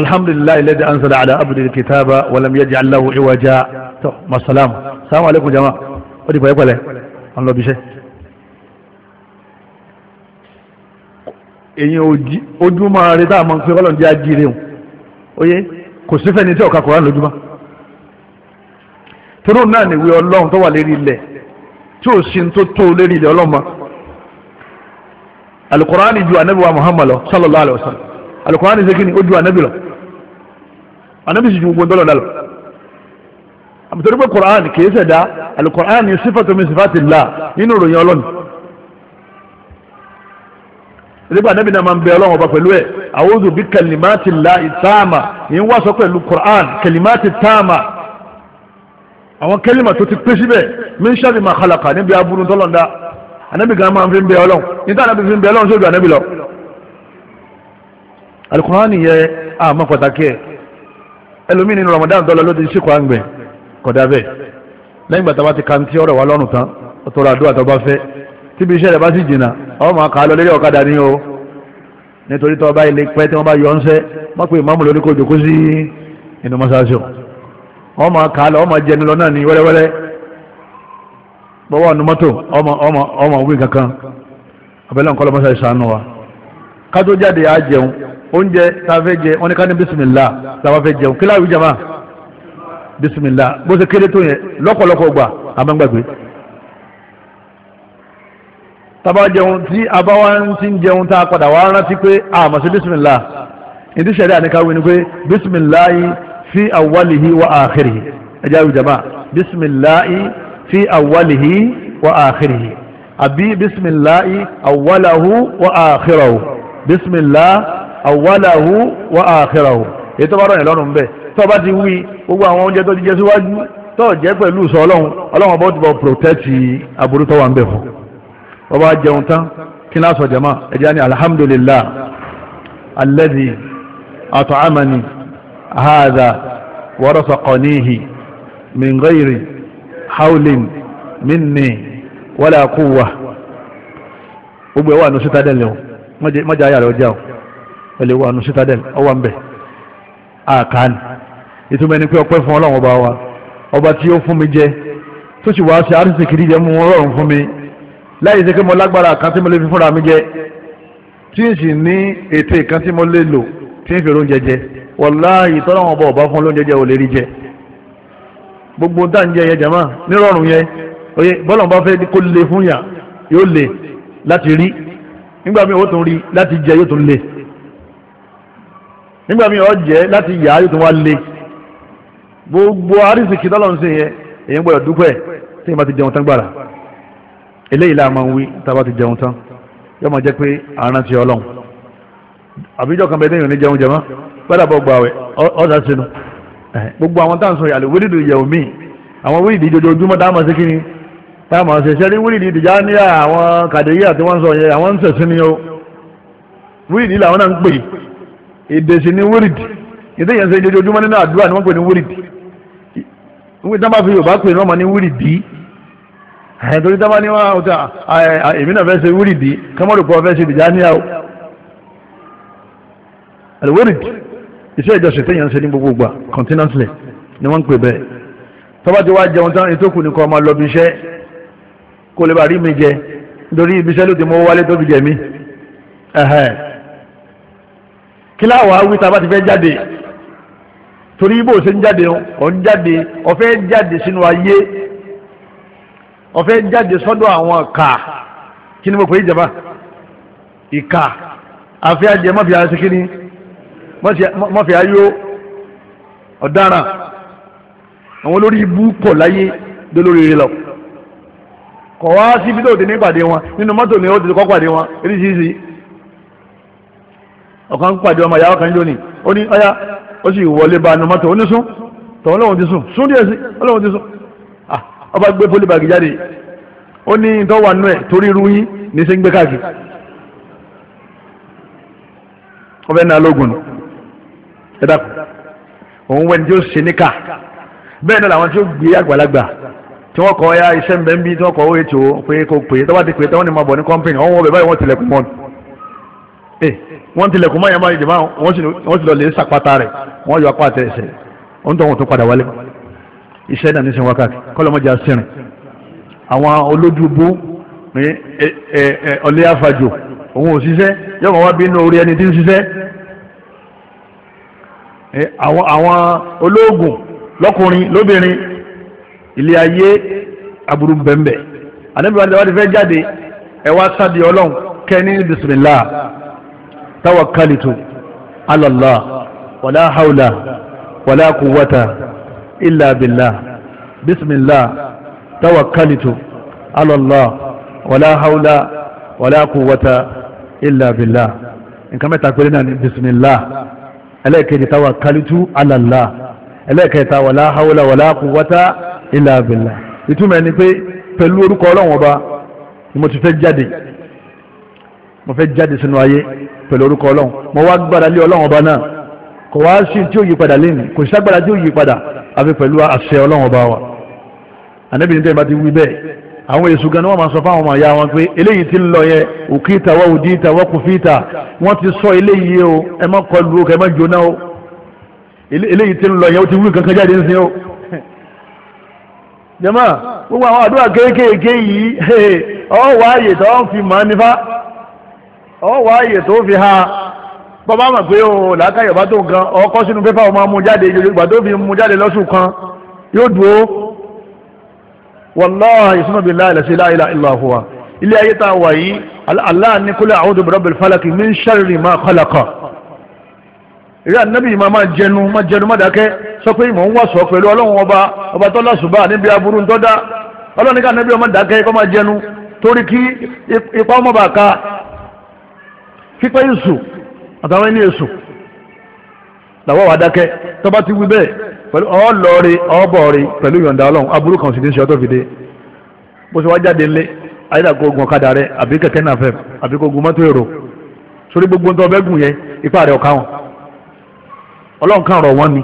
alhamdulilayi lẹ́dí ansala ala abudul kitaba walam yaji alahu iwaja tó masalam salamu aleykum jama ó di pẹ̀lẹ́pẹ̀lẹ́ ọ̀n lọ bíṣẹ́. èyí ojúmọ́ rẹ tá a máa ń pe ọlọ́run jẹ́ ajíire o oyé kò sí fẹ́ni tí ọ̀ka kọ̀ọ̀rán lójúmọ́ tóró náà nìwé ọlọ́run tó wà lérí ilẹ̀ tí ò sí tó tó lérí ilẹ̀ ọlọ́run alukurani ju anabi wa muhammad lọ sallallahu alayhi wa sallam alukurani ṣe kí ni ó ju anabi lọ anabi sì ju gbogbo dọ́lọ̀ dálọ àbùtọ́rí pé kurani kì í ṣẹ̀dá alukurani sífàtú min sífàtí Allah nínú ìròyìn ọlọ́ni nígbà anabi náà máa ń bẹ ọlọ́run ọba pẹ̀lú ẹ̀ a'udhu bí kalimati Allahi taama yìí ń wàásọ pẹ̀lú kurani kalimati taama àwọn kẹlímà tó ti pé síbẹ̀ min sharri ma khalaqa níbi aburú tọ́lọ̀ ń dá anabi gan máa fi ń bẹ ọlọ́run níta anabi fi ń bẹ ọlọ́run sójú anabi lọ alukurani yẹ àmọ́ pàtàkì ẹ ẹlòmíì nínú ramadan tọ́lọ ló ti ṣìkọ́ àgbẹ̀ kọ̀dà bẹ́ẹ̀ lẹ́yìn gbàtà bá ti ka ti ọ̀rọ̀ wa lọ́rùn tán ó tọrọ àdúrà tó bá fẹ́ tíbi iṣẹ́ rẹ̀ bá sì jìnnà ọ máa kà á lọ lórí ọ̀kadà ni o nítorí tọ́ ọba ilé pẹ́ tí wọ́n bá yọ ọ́nṣẹ́ wọ́n pe ìmáàmù lórí kò jòkó sí inú mọ́ṣáláṣí ọ máa kà á lọ ọ máa jẹni lọ náà ní wẹ́rẹ́wẹ́rẹ́ bọ́wọ́ ọ̀nà mọ́tò ọmọ ọmọ ọmọ òwúrin kankan abẹ́lẹ́ nǹkan lọ́mọ́sá ìṣàánú wa ká tó jáde á jẹun oúnjẹ tá a fẹ́ jẹ wọn ní ká ní bisimilá làwọn fẹ́ jẹun kí láwùjọ máa bisimilá bó ṣe kéré tó yẹn lọ́pọ̀lọpọ̀ gbà àmọ́gbàgbé tábà jẹun tí abáwá ń ti ń jẹun tá a padà wá rántí pé àmọ̀ sí bisimilá ìdí sẹ́dá ní káwé ni pé bisimilá yìí fi awwalihi wa akhirihi ẹ̀jẹ̀ àwùjọ fi awwalihi wa akhirihi àbí bisimilahi awwalahu wa akhirahu bisimilah awwalahu wa akhirahu èyí tó bá rọrùn lọ́rùn bẹ́ẹ̀ tó o bá ti wí gbogbo àwọn oúnjẹ tó ti jẹ síwájú tó o jẹ pẹ̀lú sọ ọlọ́run ọlọ́run ọba ó ti bọ̀ protẹ́tì aburú tó wà ń bẹ̀ fún ọ bá jẹun tán kí n lásọ jama ni alhamdulillah alladhi at'amani hadha wa rasaqanihi min ghairi haulin minni wala quwwa gbogbo ẹ̀ wà nù citadel o mọ̀jà ayà rẹ̀ ọjà o ẹ̀ lè wà nù citadel ọwà ń bẹ̀ àkàn ìtumọ̀ ẹni pé ọpẹ́ fún ọlọ́run ọba wa ọba tí ó fún mi jẹ tó sì wá sí àrísì kiri jẹ mú ọlọ́run fún mi láì ṣe pé mo lágbára kan tí mo lè fi fúnra mi jẹ tí n sì ní ète kan tí mo lè lò tí n fi oúnjẹ jẹ wàláhì tọ́lọ́run ọba ọba fún olóúnjẹ jẹ ò lè rí jẹ gbogbo dáńjẹ yẹn jama nírọ̀rùn yẹn oye bọ́lọ̀ bá fẹ́ kó le fún yà yóò le láti rí nígbà míì ó tún rí láti jẹ yóò tún le nígbà míì ó jẹ láti yà yóò tún wá le gbogbo arísìkì tọ́lọ̀ ń sè yẹn èyí ń gbọ́dọ̀ dúpẹ́ tí èyí bá ti jẹun tán gbàrà eléyìí láà wí tá a bá ti jẹun tán yóò máa jẹ́ pé àárín ti ọlọ́run àbíjọ́ kan bẹ́ẹ̀ ní ìrìn jẹun jẹ mọ́ gbọ́dọ̀ bọ́ gbà wẹ̀ ọ́ Eh, gbogbo àwọn tá à ń sọ yàrá wíìlì ìdìyẹ omi àwọn wíìlì ìdíje ojoojúmọ́ tá a máa ṣe kí ni tá a máa ṣe ṣe rí wíìlì ìdíjà ní àwọn kàdéyà tí wọ́n ń sọ yẹn àwọn ń sẹ̀sìn ni o wíìlì làwọn náà ń pè èdè sì ni wíìlì èdè yẹn ṣe ojoojúmọ́ nínú àdúrà ni wọ́n pè ní wíìlì wíìlì tá a bá fi Yorùbá pè ní wọ́n máa ní wíìlì àyẹ̀tọ́jú tá a bá ní wọn ọ̀tá èmi náà fẹ́ ṣe wíìlì kọ́mọ́dù pọ̀ iṣẹ́ ìjọsìn téèyàn ń ṣe ní gbogbo gbà continuously ni wọ́n ń pè bẹ́ẹ̀ tọ́ba ti wá jẹun tán ètò kù ní kọ́ ọmọ lọ́bi iṣẹ́ kó lè bá rí mi jẹ nítorí ibi iṣẹ́ ló ti mọ́ wálé tó fi jẹ mí kí láwàá wí tá a bá ti fẹ́ jáde torí bó ṣe ń jáde ọ̀ ń jáde ọ̀fẹ́ jáde sínú ayé ọ̀fẹ́ jáde sọ́dọ̀ àwọn kà kí ni mo pè é jẹba ìkà àfẹ́ àjẹmọ́ fi àṣekínni. mọ́fì ayó ọ̀daràn àwọn olórí ibú pọ̀ láyé dolórí rẹ lọ kọ̀ wá síbi tó ti ní pàdé wọn nínú ni ó ti kọ́ pàdé wọn eréṣiríṣi ọ̀kan ń pàdé ọmọ ìyàwó kan ni ó ní ọ̀yá ó sì wọlé ba nu mọ́tò ó ní sún tọ̀hún lóun ti sùn sún díẹ̀ sí ọlọ́run ti ọba ah, gbé pólíbàgì jáde ó ní wà nú ẹ̀ torí irú yín ní ń gbé káàkiri ọbẹ̀ náà nù. ẹ dákun òun wẹ́n tí ó ṣe níkà bẹ́ẹ̀ náà làwọn tí ó gbé àgbàlagbà tí wọ́n kọ́ ya iṣẹ́ mbẹ́ nbí tí wọ́n kọ́ ó ètò pé kò pè é tọ́wọ́ ti pè é tọ́wọ́ ni máa bọ̀ ní kọ́mpìnì wọ́n wọ́n bẹ̀ báyìí wọ́n tilẹ̀kùn mọ́ni ẹ wọ́n tilẹ̀kùn mọ́ yẹn máa jẹ̀ máa wọ́n ti lọ lè sàpáta rẹ̀ wọ́n yọ apá àtẹ̀sẹ̀ wọ́n tó wọn tó padà wálé iṣẹ́ náà níṣẹ́ wákàtí kọ́lọ́mọdé asẹ́rìn àwọn olójúbú ọlẹ́ àfàjò òun ò ṣiṣẹ́ yọ̀ọ̀ wá bínú orí ẹni tí ń ṣiṣẹ́ àwọn àwọn olóògùn lọ́kùnrin lóbìnrin ilé ayé aburú bẹ́ẹ̀nbẹ́ àdébìwájú wa ti fẹ́ jáde ẹ wá sáde ọlọ́run kẹ́ni bisimilá tawakalitu alala wàlá haula wàlá kuwata illa billah bisimilá tawakalitu alala wàlá haula wàlá kuwata illa billah nǹkan mẹ́ta péré náà ni bisimilá ẹlẹ́ẹ̀kejì táwa kálítú alàlá ẹlẹ́ẹ̀kẹta wàlá hawla wàlá quwwata illa billah ìtumọ̀ ẹni pé pẹ̀lú orúkọ ọlọ́wọ́n ọba ni mo ti fẹ́ jáde mo fẹ́ jáde sínú ayé pẹ̀lú orúkọ ọlọ́run mo wá gbára lé ọlọ́run ọba náà kò wá sí tí ó yí padà lé mi kò sí agbára tí ó yí padà àfi pẹ̀lú àṣẹ ọlọ́run ọba wa ànábìrin tẹ́ ẹ bá ti wí bẹ́ẹ̀ àwọn èṣù gan ni wọ́n máa sọ fáwọn ọmọ ìyá wọn pé eléyìí ti ń lọ yẹn òkìta wọ́n òdìta wọ́n kùfìta wọ́n ti sọ eléyìí o ẹ má kọlu o kẹ má jóná o eléyìí ti ń lọ yẹn o ti wí kankan jáde nsìn o. jama gbogbo àwọn àdúrà kéékèèké yìí ọ wá àyè tó fi màá nífà ọ wá àyè tó fi ha bàbá àmà pé o làákàyè bá tó gan ọkọ sínú pépà ọmọ amújáde ìgbà tó fi mú jáde lọ́sùn kan yóò dúró wàláhà ìsúnmọ̀bìlá ìlàsí láìlà ìlàhùwà ilé ayé tá a wà yìí Allah ní kúlẹ̀ àwọn òdòdó rabbil falaki min sharri ma khalaqa ìrẹ́ ànábì máa máa jẹnu máa jẹnu má dákẹ́ sọ pé ìmọ̀ ń wà sọ pẹ̀lú ọlọ́run ọba ọba tọ́lá ṣùgbọ́n níbi aburú ń tọ́dá ọlọ́run ká ànábì ọmọ dákẹ́ kọ́ máa jẹnu torí kí ipa ọmọ bá ka pípẹ́ èso àtàwọn ẹni èso làwọn wà dákẹ́ tọ́ba ti wí bẹ́ẹ̀ pẹ̀lú ọlọ́ọ̀rẹ́ ọ̀bọ̀ọ̀rẹ́ pẹ̀lú yọ̀ǹda ọlọ́run aburú kan sì ti ń ṣe ọtọ́ fìdí bó ṣe wá jáde ńlẹ̀ ayédàkó gun ọ̀kadà rẹ àbí kẹ̀kẹ́ náà fẹ́ àbí kó gun mọ́tò èrò sórí gbogbo ń tọ́ ọbẹ̀ gùn yẹn ipá rẹ̀ ọ̀ka wọn ọlọ́run kan rọ̀ wọ́n ni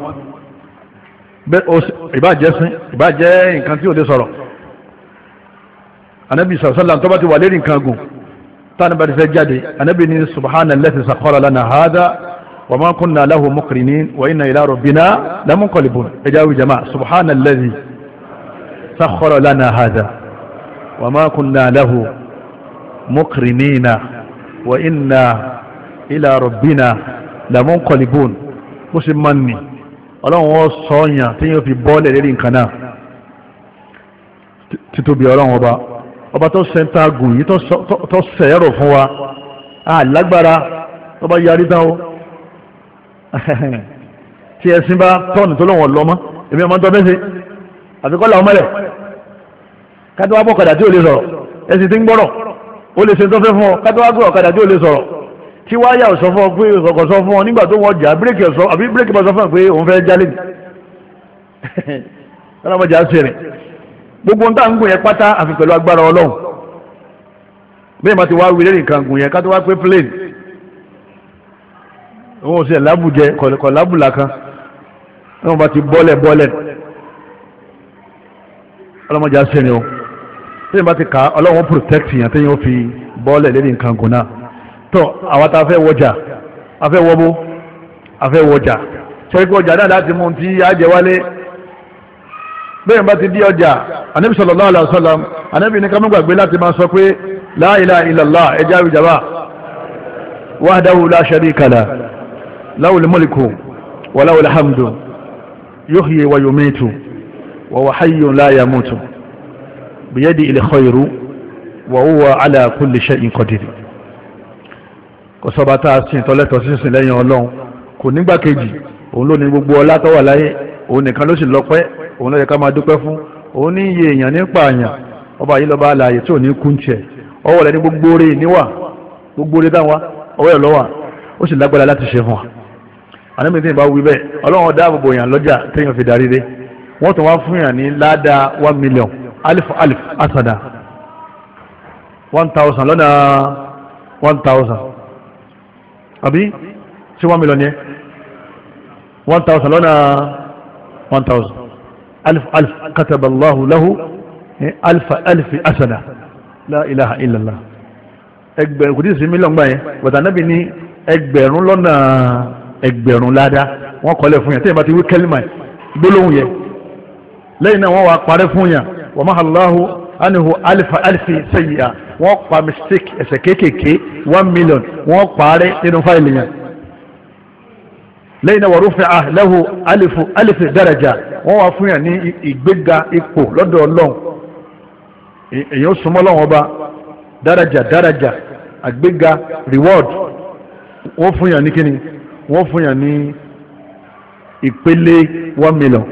ìbàjẹ́ sin ìbàjẹ́ nǹkan tí ò lè sọ̀rọ̀ anabi sàlá tó bá ti wà lérí wa ma kunna lahu muqrinin wa inna ila rabbina lamunqalibun ẹja wí jama subhana allazi sakhkhara lana hadha wa ma kunna lahu muqrinina wa inna ila rabbina lamunqalibun bó ṣe máa ń ní ọlọ́run wọn sọ ọyàn tí yóò fi bọ́ọ̀lẹ̀ lérí nǹkan náà títóbi ọlọ́run ọba ọba tó sẹ́ńtà gùn yìí tó sẹ́ẹ̀rọ̀ fún wa alágbára tó bá yarí tán o tí ẹ̀sìn bá tọ́ọ̀nù tó lọ́wọ́ lọ́mọ́ èmi ọmọ ń tọ́ mẹ́sẹ̀ àti kọ́ làwọn mẹ́lẹ̀ kátó wá bọ́ ọ̀kadà tí ò lè sọ̀rọ̀ ẹ̀sìn ti ń gbọ́rọ̀ ó lè ṣe tó fẹ́ fún ọ kátó wá gbọ́ ọ̀kadà tí ò lè sọ̀rọ̀ tí wáyà ò sọ fún ọ pé ọkọ̀ sọ fún ọ nígbà tó wọ́n jà bírèkì ọ̀sọ́ àbí bírèkì bá sọ fún ọ pé òun fẹ́ jálè ọlọ́mọdé á sèrè gbogbo ń tà ń gùn yẹn pátá àfi pẹ̀lú agbára ọlọ́run bí ìmọ̀ ti wá wílé nìkan gùn yẹn kátó wá pé plane wọn ò sì lábùjẹ kọ̀ lábùlà kan wọn bá ti bọ́lẹ̀ bọ́lẹ̀ ọlọ́mọdé á sẹ́ni o tẹ́yìn bá ti kà á ọlọ́wọ́n protect yẹn tẹ́yìn ó fi bọ́ọ̀lẹ̀ lẹ́yìn nǹkan gùn náà tó àwa tá fẹ́ wọjà a fẹ́ wọ́bó a fẹ́ wọjà sẹ́yìn ọjà náà láti mú ti àjẹ wálé bẹ́ẹ̀ bá ti di ọjà anabi sallallahu alaihi anabi ní ká láti máa sọ pé la ilaha illallah ẹja àwùjábà wahdahu la sharika lahu láwùlì mọ́lìkù wà láwùlì hamdu ويميت yẹ wa yóò mẹ́tù wà wà وهو على كل شيء قدير khayru wà wúwa ala kulli shay'in qadir kò sọba tá a sin tọ́lẹ́tọ̀ sísìn lẹ́yìn ọlọ́run kò nígbà kejì òun ló ní gbogbo ọlá tó wà láyé òun nìkan ló sì lọ́pẹ́ òun ló yẹ ká máa dúpẹ́ fún òun ní iye èèyàn nípa àyàn ọba yìí lọ́ba àlàyé tí ò ní kún tiẹ̀ ọwọ́ rẹ̀ ní gbogbo rẹ̀ níwà gbogbo rẹ̀ dáwà ọwọ́ rẹ̀ lọ́wà ó sì lágbára láti ṣe fún wa ànábì tí n bá wí bẹ́ẹ̀ ọlọ́run dáàbò bò yàn lọ́jà téèyàn fi darí dé wọ́n tún wá fún yàn ní ládàá one million alif alif asada one thousand lọ́nà one thousand àbí sí one million yẹn one thousand lọ́nà one thousand alif alif kataba allahu lahu alif alif asada la ilaha illallah ẹgbẹ̀rún kò tí ì sí mílíọ̀nù gbà yẹn bàtà ànábì ní ẹgbẹ̀rún lọ́nà ẹgbẹ̀rún ládá wọ́n kọ́lẹ̀ fún yàn tẹ́yìn bá ti wí kẹ́límà gbólóhùn yẹn lẹ́yìn náà wọ́n wá parẹ́ fún yàn wọ́n máa Allahu anihu alifa alifi sẹ́yìá wọ́n pa mistake ẹ̀sẹ̀ kéékèèké one million wọ́n parẹ́ nínú fáìlì yẹn lẹ́yìn náà wọ́n rúfẹ́ ah lẹ́hu alifu alifi daraja wọ́n wá fún yàn ní ìgbéga ipò lọ́dọ̀ ọlọ́run èyàn súnmọ́ lọ́wọ́n ọba daraja daraja àgbéga reward wọ́n fún yàn ní kíni wọ́n fún yàn ní ìpele one million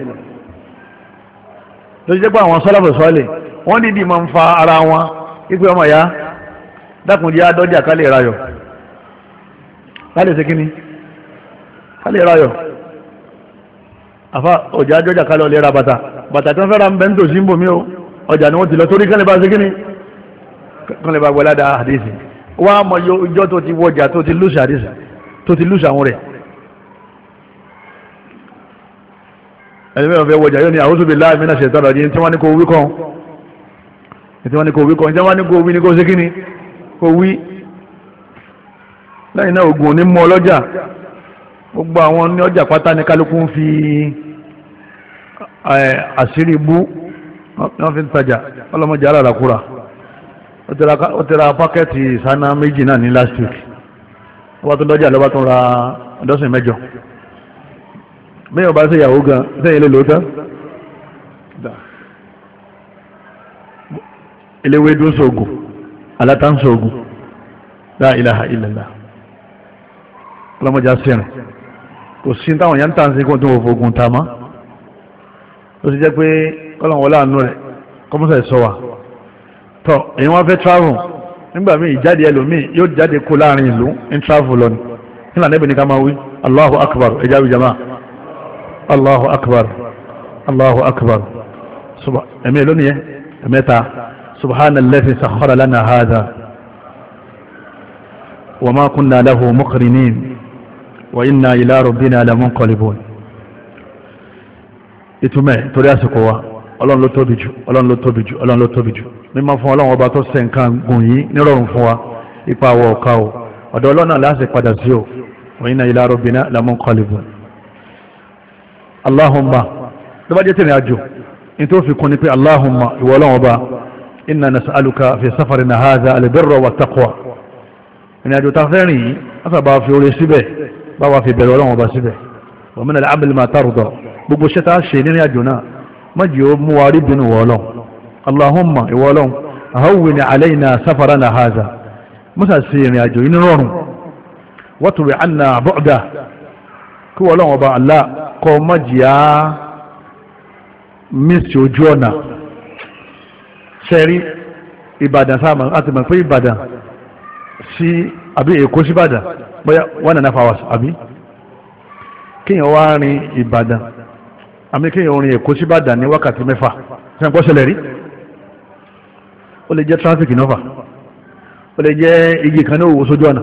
lójú jẹ́ pé àwọn sọ́lábọ̀ sọ́ọ̀lẹ̀ wọ́n dìdí máa ń fa ara wọn ipe ọmọ ìyá dákùnjẹ́ adọ́jà kálẹ̀ rayọ̀ kálẹ̀ ṣe kínní kálẹ̀ rayọ̀ àfa ọjà adọ́jà kálẹ̀ ọ̀lẹ́ ra bàtà bàtà tí wọ́n fẹ́ ra ń ń tòṣí ń o ọjà ni wọ́n ti lọ torí kálẹ̀ bá ṣe kínní kálẹ̀ bá gbọ́ládà àdéhìí wọ́n á mọ ọjọ́ tó ti wọjà tó ti lùsà àdéhìí tó ti lùsà àwọn rẹ̀ ẹni mẹ́wàá fẹ́ wọjà yóò ní a'udhu billahi minash shaitanir rajim tí wọ́n ní kó wí kàn tí wọ́n ní kó wí kàn tí wọ́n ní kó wí ní kó ṣe kíni kó wí lẹ́yìn náà oògùn òní mú ọlọ́jà gbogbo àwọn ní ọjà pátá ní kálukú ń fi àṣírí bú wọ́n fi ń tajà ọlọ́mọdé alàràkúrà ó ti ra pákẹ́ẹ̀tì ìsáná méjì náà ní last week ó bá tún dọ́jà ló bá tún ra ọ̀dọ́sìn mẹ́jọ mẹ́yàn bá ṣèyàwó gan sẹ́yìn lè lò tán eléwé dún sóògùn aláta sóògùn la ilaha illallah ọlọ́mọdé sẹ́rìn kò sí táwọn yẹn ń tàn sí kó tó wọ́n fogun ta mọ́ ó sì jẹ́ pé kọ́lọ́n wọlé àánú rẹ̀ kọ́mọ́sà sọ wa tọ́ èyí wọ́n fẹ́ travel nígbà míì ìjáde ẹlòmíì yóò jáde kó láàrin ìlú ń travel lọ ni nígbà níbi ní ká máa wí Allahu akbar ẹ̀já jama allahu akbar allahu akbar ẹ̀mí lónìí yẹn ẹ̀mẹ́ta subhana allazi sakhara lana hadha wa ma kunna lahu muqrinin wa inna ila rabbina lamunqalibun ìtumẹ̀ torí àsìkò wa ọlọ́run ló tóbi jù ọlọ́run ló tóbi jù ọlọ́run ló tóbi jù mímọ́ fún ọlọ́run ọba tó ṣe nǹkan gùn yìí nírọ̀rùn fún wa ipa àwọ̀ ọ̀ka o ọ̀dọ̀ ọlọ́run náà láti padà sí o wa inna ila rabbina lamunqalibun Allahumma tó bá jẹ́ tẹ̀lé àjò ní tó fi kún ni pé Allahumma ìwọ ọlọ́run ọba inna nas'aluka fi safarina hadha al-birra wa taqwa ìrìn àjò tá a fẹ́ rìn yìí wọ́n bá fi oore síbẹ̀ bá wa fi bẹ̀rẹ̀ ọlọ́run ọba síbẹ̀ wa min al-'amali ma tarda gbogbo iṣẹ́ tá ṣe nínú àjò náà má jẹ́ ó mú wa rí bínú ìwọ ọlọ́run Allahumma ìwọ ọlọ́run ahawwin alayna safarana hadha musa sí ìrìn àjò yìí ní rọrùn wa tuwi anna bu'da kí wọ́n lọ́wọ́ bá Allah kọ́ mọ́jìá mísì ojú ọ̀nà sẹ́rí ìbàdàn sáà àti mọ̀ pé ìbàdàn sí àbí èkó sí ìbàdàn bóyá one and a half hours àbí kéèyàn wá rin ìbàdàn àmì kéèyàn rin èkó sí ìbàdàn ní wákàtí mẹ́fà sẹ́yìn pọ́ sẹlẹ̀ rí ó lè jẹ́ tráfíkì náà fà ó lè jẹ́ igi kan ní òwò sójú ọ̀nà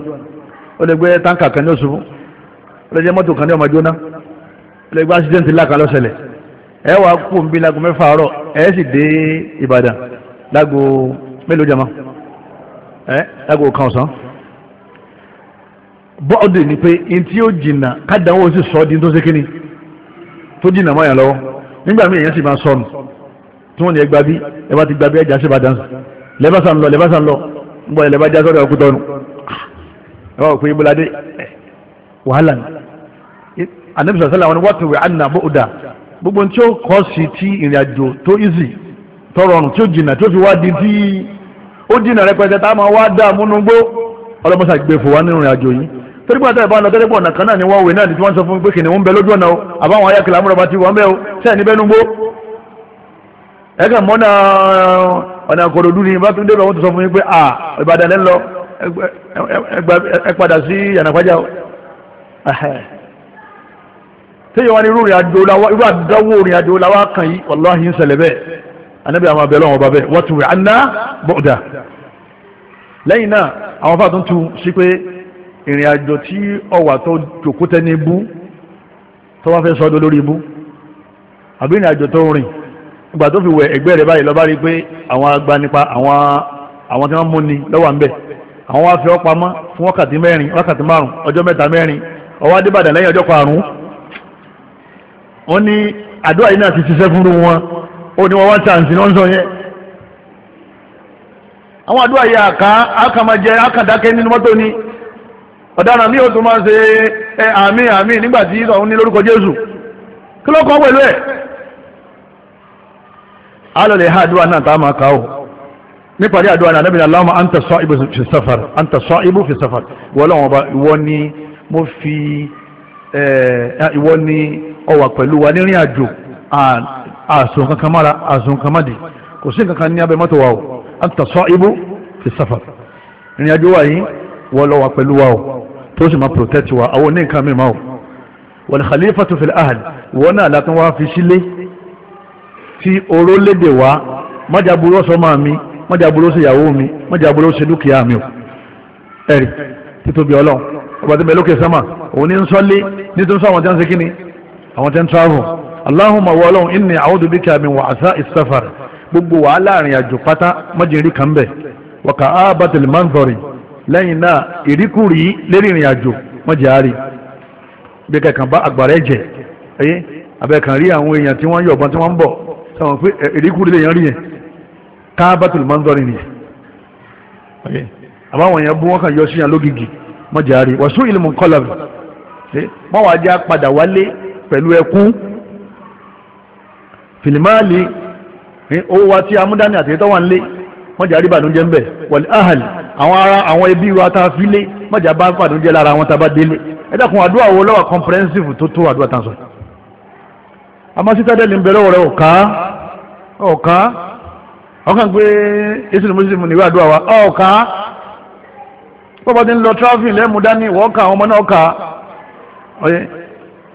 ó lè gbé táǹkà kan ní òṣùwọ̀n lọ́jọ́ mọ́tò kan ní ọmọ jóná lẹ́gbẹ́ accident ńlá kan lọ́sẹ̀lẹ̀ ẹ wà kú nbí lago mẹ́fà àárọ̀ ẹ sì dé Ìbàdàn lago mélòó jama ẹ lago kan ọ̀sán bọ́ọ̀dù ni pé ntí ó jìnnà kádàáwó sì sọ ọ́ di tó ṣe kínní tó jìnnà mọ́ yàn lọ́wọ́ nígbà míì èèyàn sì máa sọnù tí wọ́n ní ẹgbàá bí ẹ bá ti gbàgbé ẹja sí Ìbàdàn lẹ́bàṣà ń lọ lẹ́bàṣà ń lọ ń bọ̀ ẹ̀ lẹ́bàjá sọ́dọ̀ ọkùtọ́nu ah! ẹ bá wò pé ibùdó adé wàhálà ni anabi sàlẹ̀ àwọn wọ́n ti wẹ̀ àná bóòdà gbogbo tí ó kọ́ sí ti ìrìn àjò tó easy tó rọrùn tí ó jìnnà tó fi wá di tí ó jìnnà rẹpẹtẹ tá a máa wá dá múnúgbó ọlọ́mọṣà gbé fò wá nínú ìrìn àjò yìí torípé àtàwọn ìbánu tẹ́lẹ̀pọ̀ ọ̀nà kan náà ni wọ́n wé náà ni tí wọ́n sọ fún mi pé kìnìún ń bẹ lójú ọ̀nà o àbáwọn ayákẹ́lẹ́ amúrọ̀bá ti wọ́n bẹ́ẹ̀ o sẹ́ẹ̀ níbẹ̀ nugbó ẹ̀ka mọ́nà ọ̀nà àkọ́dọ̀dú ni bá tún dé lọ́wọ́ tó sọ fún mi pé à Ìbàdàn lẹ́ ń lọ ẹ padà sí yànnàpájà o téèyàn wá ní irú ìrìn àjò làwọn irú àdáwó ìrìn àjò làwọn kàn yìí wàláhì ń ṣẹlẹ̀ bẹ́ẹ̀ anábì àwọn abẹ́lẹ́ wọn bá bẹ́ẹ̀ wọ́n ti wẹ̀ aná bọ́ọ̀dà lẹ́yìn náà àwọn fáà tó ń tu sí pé ìrìn àjò tí ọwà tó jòkó tẹ́ ní ibú tó wá fẹ́ sọ́dọ̀ lórí ibú àbí ìrìn àjò tó ń rìn ìgbà tó fi wẹ̀ ẹ̀gbẹ́ rẹ̀ báyìí lọ́ba rí pé àwọn agbanipa àwọn tí wọ́n mú ni lọ́wọ́ ń bẹ̀ àwọn wá fi fún wákàtí mẹ́rin wákàtí márùn ọjọ́ mẹ́ta mẹ́rin ó wá lẹ́yìn ọjọ́ karùn-ún wọ́n ní àdúrà yìí náà ti ṣiṣẹ́ fún wọn ó ní wọ́n wá tàǹsì náà ń sọ yẹn àwọn àdúrà yìí àká àkàmàjẹ àkàdákẹ́ nínú mọ́tò ni ọ̀daràn mi ò tún máa ṣe ẹ àmì àmì nígbà tí ọ̀hún ní lórúkọ Jésù kí ló kọ́ ha àdúrà náà tá a máa kà ó nípàdé àdúrà náà lẹ́bìnrin aláwọ̀ anta sa'ibu fi safar anta sa'ibu fi ìwọ ni ọwà pẹ̀lú wa nírìn àjò àsùn kankan mára àsùn kankan máde kò sí kankan ní abẹ́ mọ́tò wa o à ń tàṣọ ibú fi sáfà ìrìn àjò wa yìí wọ́n lọ wà pẹ̀lú wa o tó sì máa protect wa àwọn oní nǹkan mìíràn o wal khalifatu fil ahli wọ́n náà látún wá fi sílé tí oró léde wá mọ́jà burú máa mi mọ́jà burú ìyàwó mi mọ́jà burú dúkìá mi o ẹ̀rí títóbi ọlọ́run ọba tó òun ní ń nítorí sọ àwọn tí wọ́n ń ṣe kíni àwọn tẹ́ ń travel Allahumma wa ọlọ́run inni a'udhu bika min wa'asa is-safar gbogbo wàhálà àrìn àjò pátá mọ́jẹ̀rí kan bẹ̀ wa ka'abatil manzari lẹ́yìn náà ìríkùrí lérí ìrìn àjò mọ́jẹ̀árì bí kankan bá àgbàrá ẹ̀jẹ̀ ẹ̀yẹ́ abẹ́kan rí àwọn èèyàn tí wọ́n yọ̀bọ̀n tí wọ́n ń bọ̀ sọ̀rọ̀ pé ìríkùrí lè yàn rí yẹn ka'abatil manzari nìyẹn pẹ̀lú ẹkún fìlìmáàlì eh, owó wa tí amúdání àti ìtọ́wà ńlé mọ́jà rí bàdúnjẹ́ ń bẹ̀ wọ̀lẹ̀ ahàlì àwọn ará àwọn ẹbí wa tá a fi lé mọ́jà bá bàdúnjẹ́ lára wọn tá a bá délé ẹ dákun àdúrà wo lọ́wọ́ comprehensive tó tó àdúrà tán sọ. àmọ́ sítádẹ́lì ń bẹ lọ́wọ́ rẹ ọ̀ká ọ̀ká ọ̀kan pé èsì mùsùlùmí ni ìwé àdúrà wa ọ̀ká bọ́bá ti ń lọ tráfìn lẹ́mùdání ìwọ́ ọ̀ká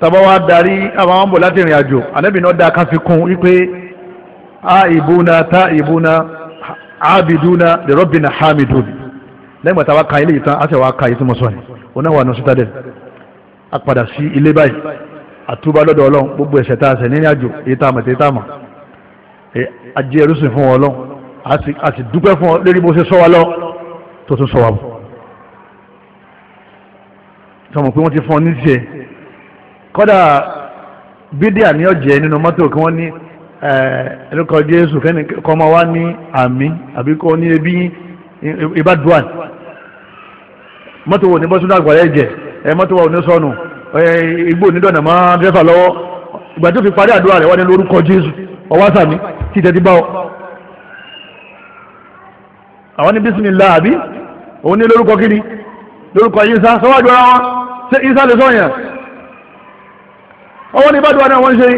tàbá wa darí àwọn àwọn bọ̀ láti rìn àjò ànábì náà da kan fi kún wípé a ìbúna ta ìbúna abiduna li rabbina hamidun lẹ́gbàá tàbá ka ilé yìí tán a sì yìí tí mo sọ ni oná wà ní citadel a padà sí ilé báyìí àtúbà lọ́dọ̀ ọlọ́run gbogbo ẹ̀ṣẹ̀ tá a ṣẹ̀ nínú àjò èyí tá a mọ̀ èyí tá a mọ̀ ajé ẹrú sìn fún ọlọ́run a sì dúpẹ́ fún ọ lórí bó ṣe sọ wa lọ tó tún sọ wa bọ̀ sọmọ pé wọ́n ti fún ọ ní tiẹ̀ kọ́dà bídíà ní ọ̀jẹ̀ nínú mọ́tò kí wọ́n ní ẹ̀ẹ́dẹ́kọ̀ jésù kẹ́ni kọ́mọ wá ní àmì àbí kọ́ ní ebi ìbádùá mọ́tò wo ní bọ́sùn náà gbọ́dọ̀ ẹ̀jẹ̀ ẹ̀ mọ́tò wo ní sọnù igbó onídọ̀nà máa dẹ́fà lọ́wọ́ ìgbà tó fi parí àdúrà rẹ̀ wọ́n ní lórúkọ jésù ọwọ́ sàmì tí tẹ́tí bá ọ. àwọn ní bísímìlá àbí òun ní lórúkọ kíni lórúkọ yín sá sọ́wọ́ àdúrà wọn ṣé yín sá lè sọ ọwọ́ ní bàdúrà náà wọ́n ṣe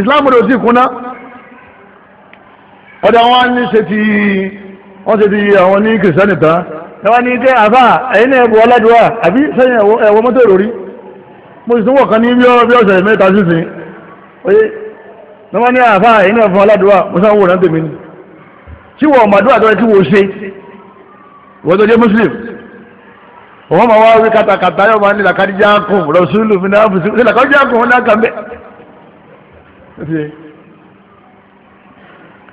islam rò sí kúnná ọ̀dà wọn ní ṣe ti wọ́n ṣe ti àwọn ní kìrìsìtánì tán ẹwà ní jẹ́ àbá ẹ̀yìn náà bu ọlọ́dúnwà àbí sẹ́yìn ẹ̀wọ́ mọ́tò rò rí mo sì tún wọ̀ kan ní bí ọ̀sẹ̀ mẹ́ta sísìn oye lọ́wọ́ ní àbá ẹ̀yìn náà fún ọlọ́dúnwà mo sá wò rántèmi ni tí wọ́n màdúrà tó yẹ kí wọ́n ṣe wọ́n tó jẹ́ muslim wọ́n máa wá wí katakata yóò máa ní làkàdíjà kùn rọ̀ṣúlù mi náà fùsùn ní làkàdíjà kùn ní àkàmbẹ́.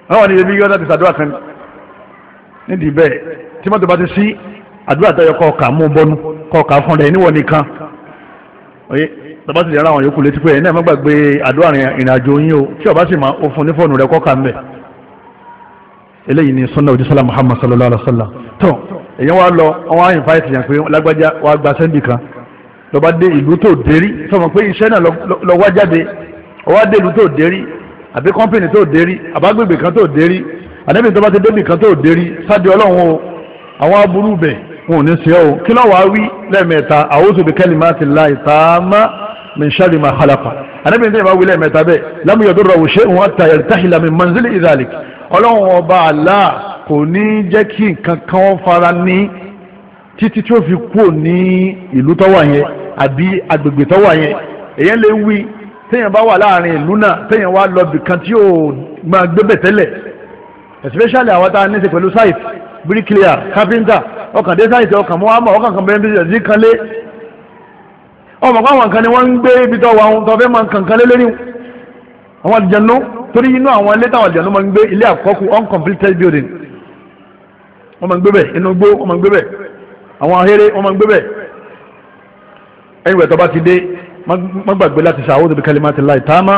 wọ́n wà ní ibi yọ́dá ti sàdúrà kan nídìí bẹ́ẹ̀ tí mọ́tò bá ti sí àdúrà tó yẹ kọ́ ọ̀ka mú bọ́nú kọ́ ọ̀ka fún rẹ̀ níwọ̀n nìkan oye tọ́ba ti yàrá àwọn yòókù létí pé ẹ̀ náà má gbàgbé àdúrà ìrìnàjò yín o tí ọba sì máa ó fún ní fóònù rẹ̀ kọ́ ọ̀ka ń eléyìí ni sunna ojúsọ́lá muhammad sallallahu alaihi wa sallam tó èyàn wá lọ wọn á invite yàn pé lágbájá wàá gba sẹ́ndì kan lọ́ba dé ìlú tó dérí sọmọ pé iṣẹ́ náà lọ́wọ́ jáde ọwọ́ dé ìlú tó dérí àbí kọ́mpìnì tó dérí àbágbègbè kan tó dérí àdébìnrin tó bá ti débì kan tó dérí sáde ọlọ́run o àwọn aburú bẹ̀ wọn ò ní ṣe o kí lọ́wọ́ wí lẹ́ẹ̀mẹ́ta a'udhu bi kalimatillahi taama min sharri ma khalaqa àdébìnrin tó yẹ ọlọ́run ọba Allah kò ní jẹ́ kí nǹkan kan fara ní títí tí ó fi kúrò ní ìlú tọ́wà yẹn àbí agbègbè tọ́wà yẹn èyàn lè wí téèyàn bá wà láàrin ìlú náà téèyàn wá lọ bìkan tí yóò máa gbébẹ̀ tẹ́lẹ̀ especially àwọn tá a ní í ṣe pẹ̀lú site bricklayer carpenter ọkàn dé site ọkàn muhammed ọkàn kan bẹ́ẹ̀ bí ṣe kan lé ọmọ pàwọn kan ni wọ́n ń gbé ibi tọ́wọ́ àwọn tọ́fẹ́ máa kankan lé lórí àwọn àdìjẹ́ torí inú àwọn ilé táwọn àjànú máa ń gbé ilé àkọ́kù uncompleted building wọ́n máa ń gbé bẹ̀ inú gbó wọ́n máa ń gbé bẹ̀ àwọn ahéré wọ́n máa ń gbé bẹ̀ ẹ̀yìn wẹ̀tọ́ bá ti dé má gbàgbé láti ṣàwọ́dọ̀ bí kálí máa ti láì táàmà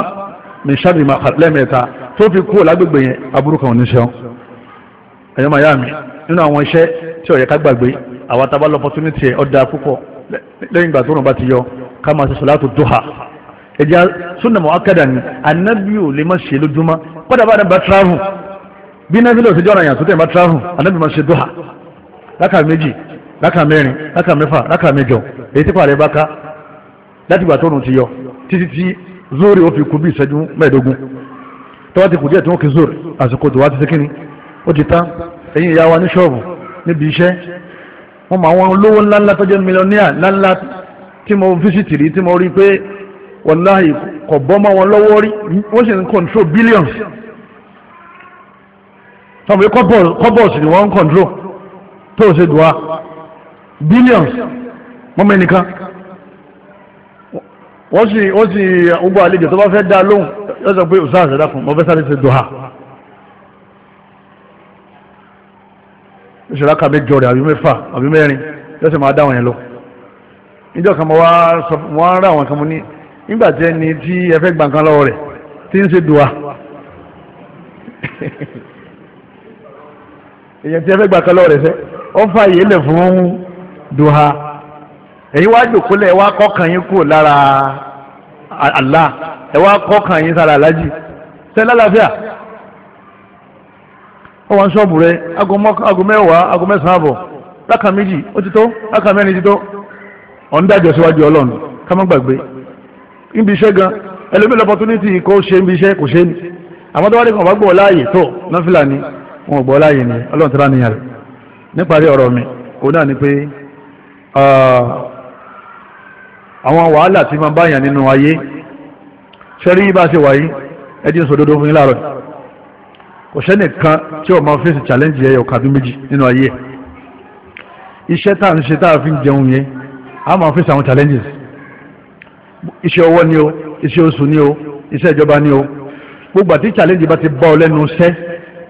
ní sáré máa kà lẹ́mẹ̀ẹ́ta tó fi kúrò lágbègbè yẹn aburú kan ní sẹ́wọ́n ẹ̀yọ́ màá yá mi nínú àwọn iṣẹ́ tí ó yẹ ká gbàgbé àwa tá a bá lọ opportunity ẹ̀ ọ̀dà púpọ̀ lẹ́yìn ìgbà tó rùn bá ti yọ ká máa ṣe sọ̀látù duha ẹja sunna mu'akkada ni anabi ò lè má ṣe lójúmọ́ kódà bá dábàá tíráhùn bí nàfílẹ̀ òṣèjọ́ ọ̀ràn yàtọ̀ tẹ̀yìnbá tíráhùn anabi má ṣe dọ́hà láka méjì láka mẹ́rin láka mẹ́fà láka mẹ́jọ èyí tí pàrẹ̀ bá ká láti ìgbà tóun ti yọ títí tí zóòrè ó fi kú bí ìṣẹ́jú mẹ́ẹ̀ẹ́dógún tọ́wọ́ ti kù díẹ̀ tí wọ́n kì í zóòrè àsìkò tó wá ti sékìní ó ti tán ẹ̀yin ìyá wa ní ṣọ́ọ̀bù níbi iṣẹ́ wọ́n mọ àwọn olówó ńláńlá tó jẹ́ mílíọ̀nìyà ńláńlá tí mo fíṣítì rí tí mo rí pé wàláhì kò bọ́mọ wọn lọ́wọ́ rí wọ́n sì ń control billions tọ́mọ̀ pé kọ́bọ̀sì ni wọ́n ń control tó o ṣe dùn wá billions wọ́n mọ ẹnìkan wọ́n sì ó sì gbogbo àlejò tó bá fẹ́ dá lóhùn yóò sọ pé òṣà àṣẹ dákun mo fẹ́ sáré ṣe dùn ha ìṣẹ̀lá kà mẹ́jọ rẹ̀ àbí mẹ́fà àbí mẹ́rin yóò sì máa dá wọn yẹn lọ níjọ́ kan mo wá ra àwọn kan mo ní nígbà tí ẹni tí ẹ fẹ́ gbà nǹkan lọ́wọ́ rẹ̀ tí ń ṣe dùwà èyàn tí ẹ fẹ́ gbà nǹkan lọ́wọ́ rẹ̀ fẹ́ ọ fà yìí lẹ̀ fún dùwà ẹ̀yin wá jòkólẹ̀ ẹ wá kọ́kàn yín kúrò lára Allah ẹ wá kọ́kàn yín sára alájì ṣe lálàáfíà ó wà ń ṣọ́ọ̀bù rẹ aago mẹ́wàá aago mẹ́sàn-án àbọ̀ láka méjì ó ti tó láka mẹ́rin ti tó ọ̀ ń dájọ́ síwájú ọlọ́run ká má gbàgbé níbi iṣẹ́ gan ẹlòmíì lọ́pọ̀tunítì kò ṣe níbi iṣẹ́ kò ṣe ni àmọ́ tó wá dé kàn bá gbọ́ láàyè tó náfìlà ni wọn gbọ́ láàyè ni ọlọ́run ti rá nìyàn rẹ̀ níparí ọ̀rọ̀ mi òun náà ni pé àwọn wàhálà tí máa báyàn nínú ayé ṣẹ́rí bá ṣe wáyé ẹdí sòdodo fún yín láàárọ̀ kò sẹ́nìkan tí ó máa fèsì challenge ẹ̀yọ̀ kàdún méjì nínú ayé iṣẹ́ tá à ń ṣe tá a fi ń jẹun yẹn a máa fèsì àwọn challenges iṣẹ́ ọwọ́ ni o iṣẹ́ oṣù ni o iṣẹ́ ìjọba ni o gbogbo àti challenge bá ti bá ọ lẹ́nu iṣẹ́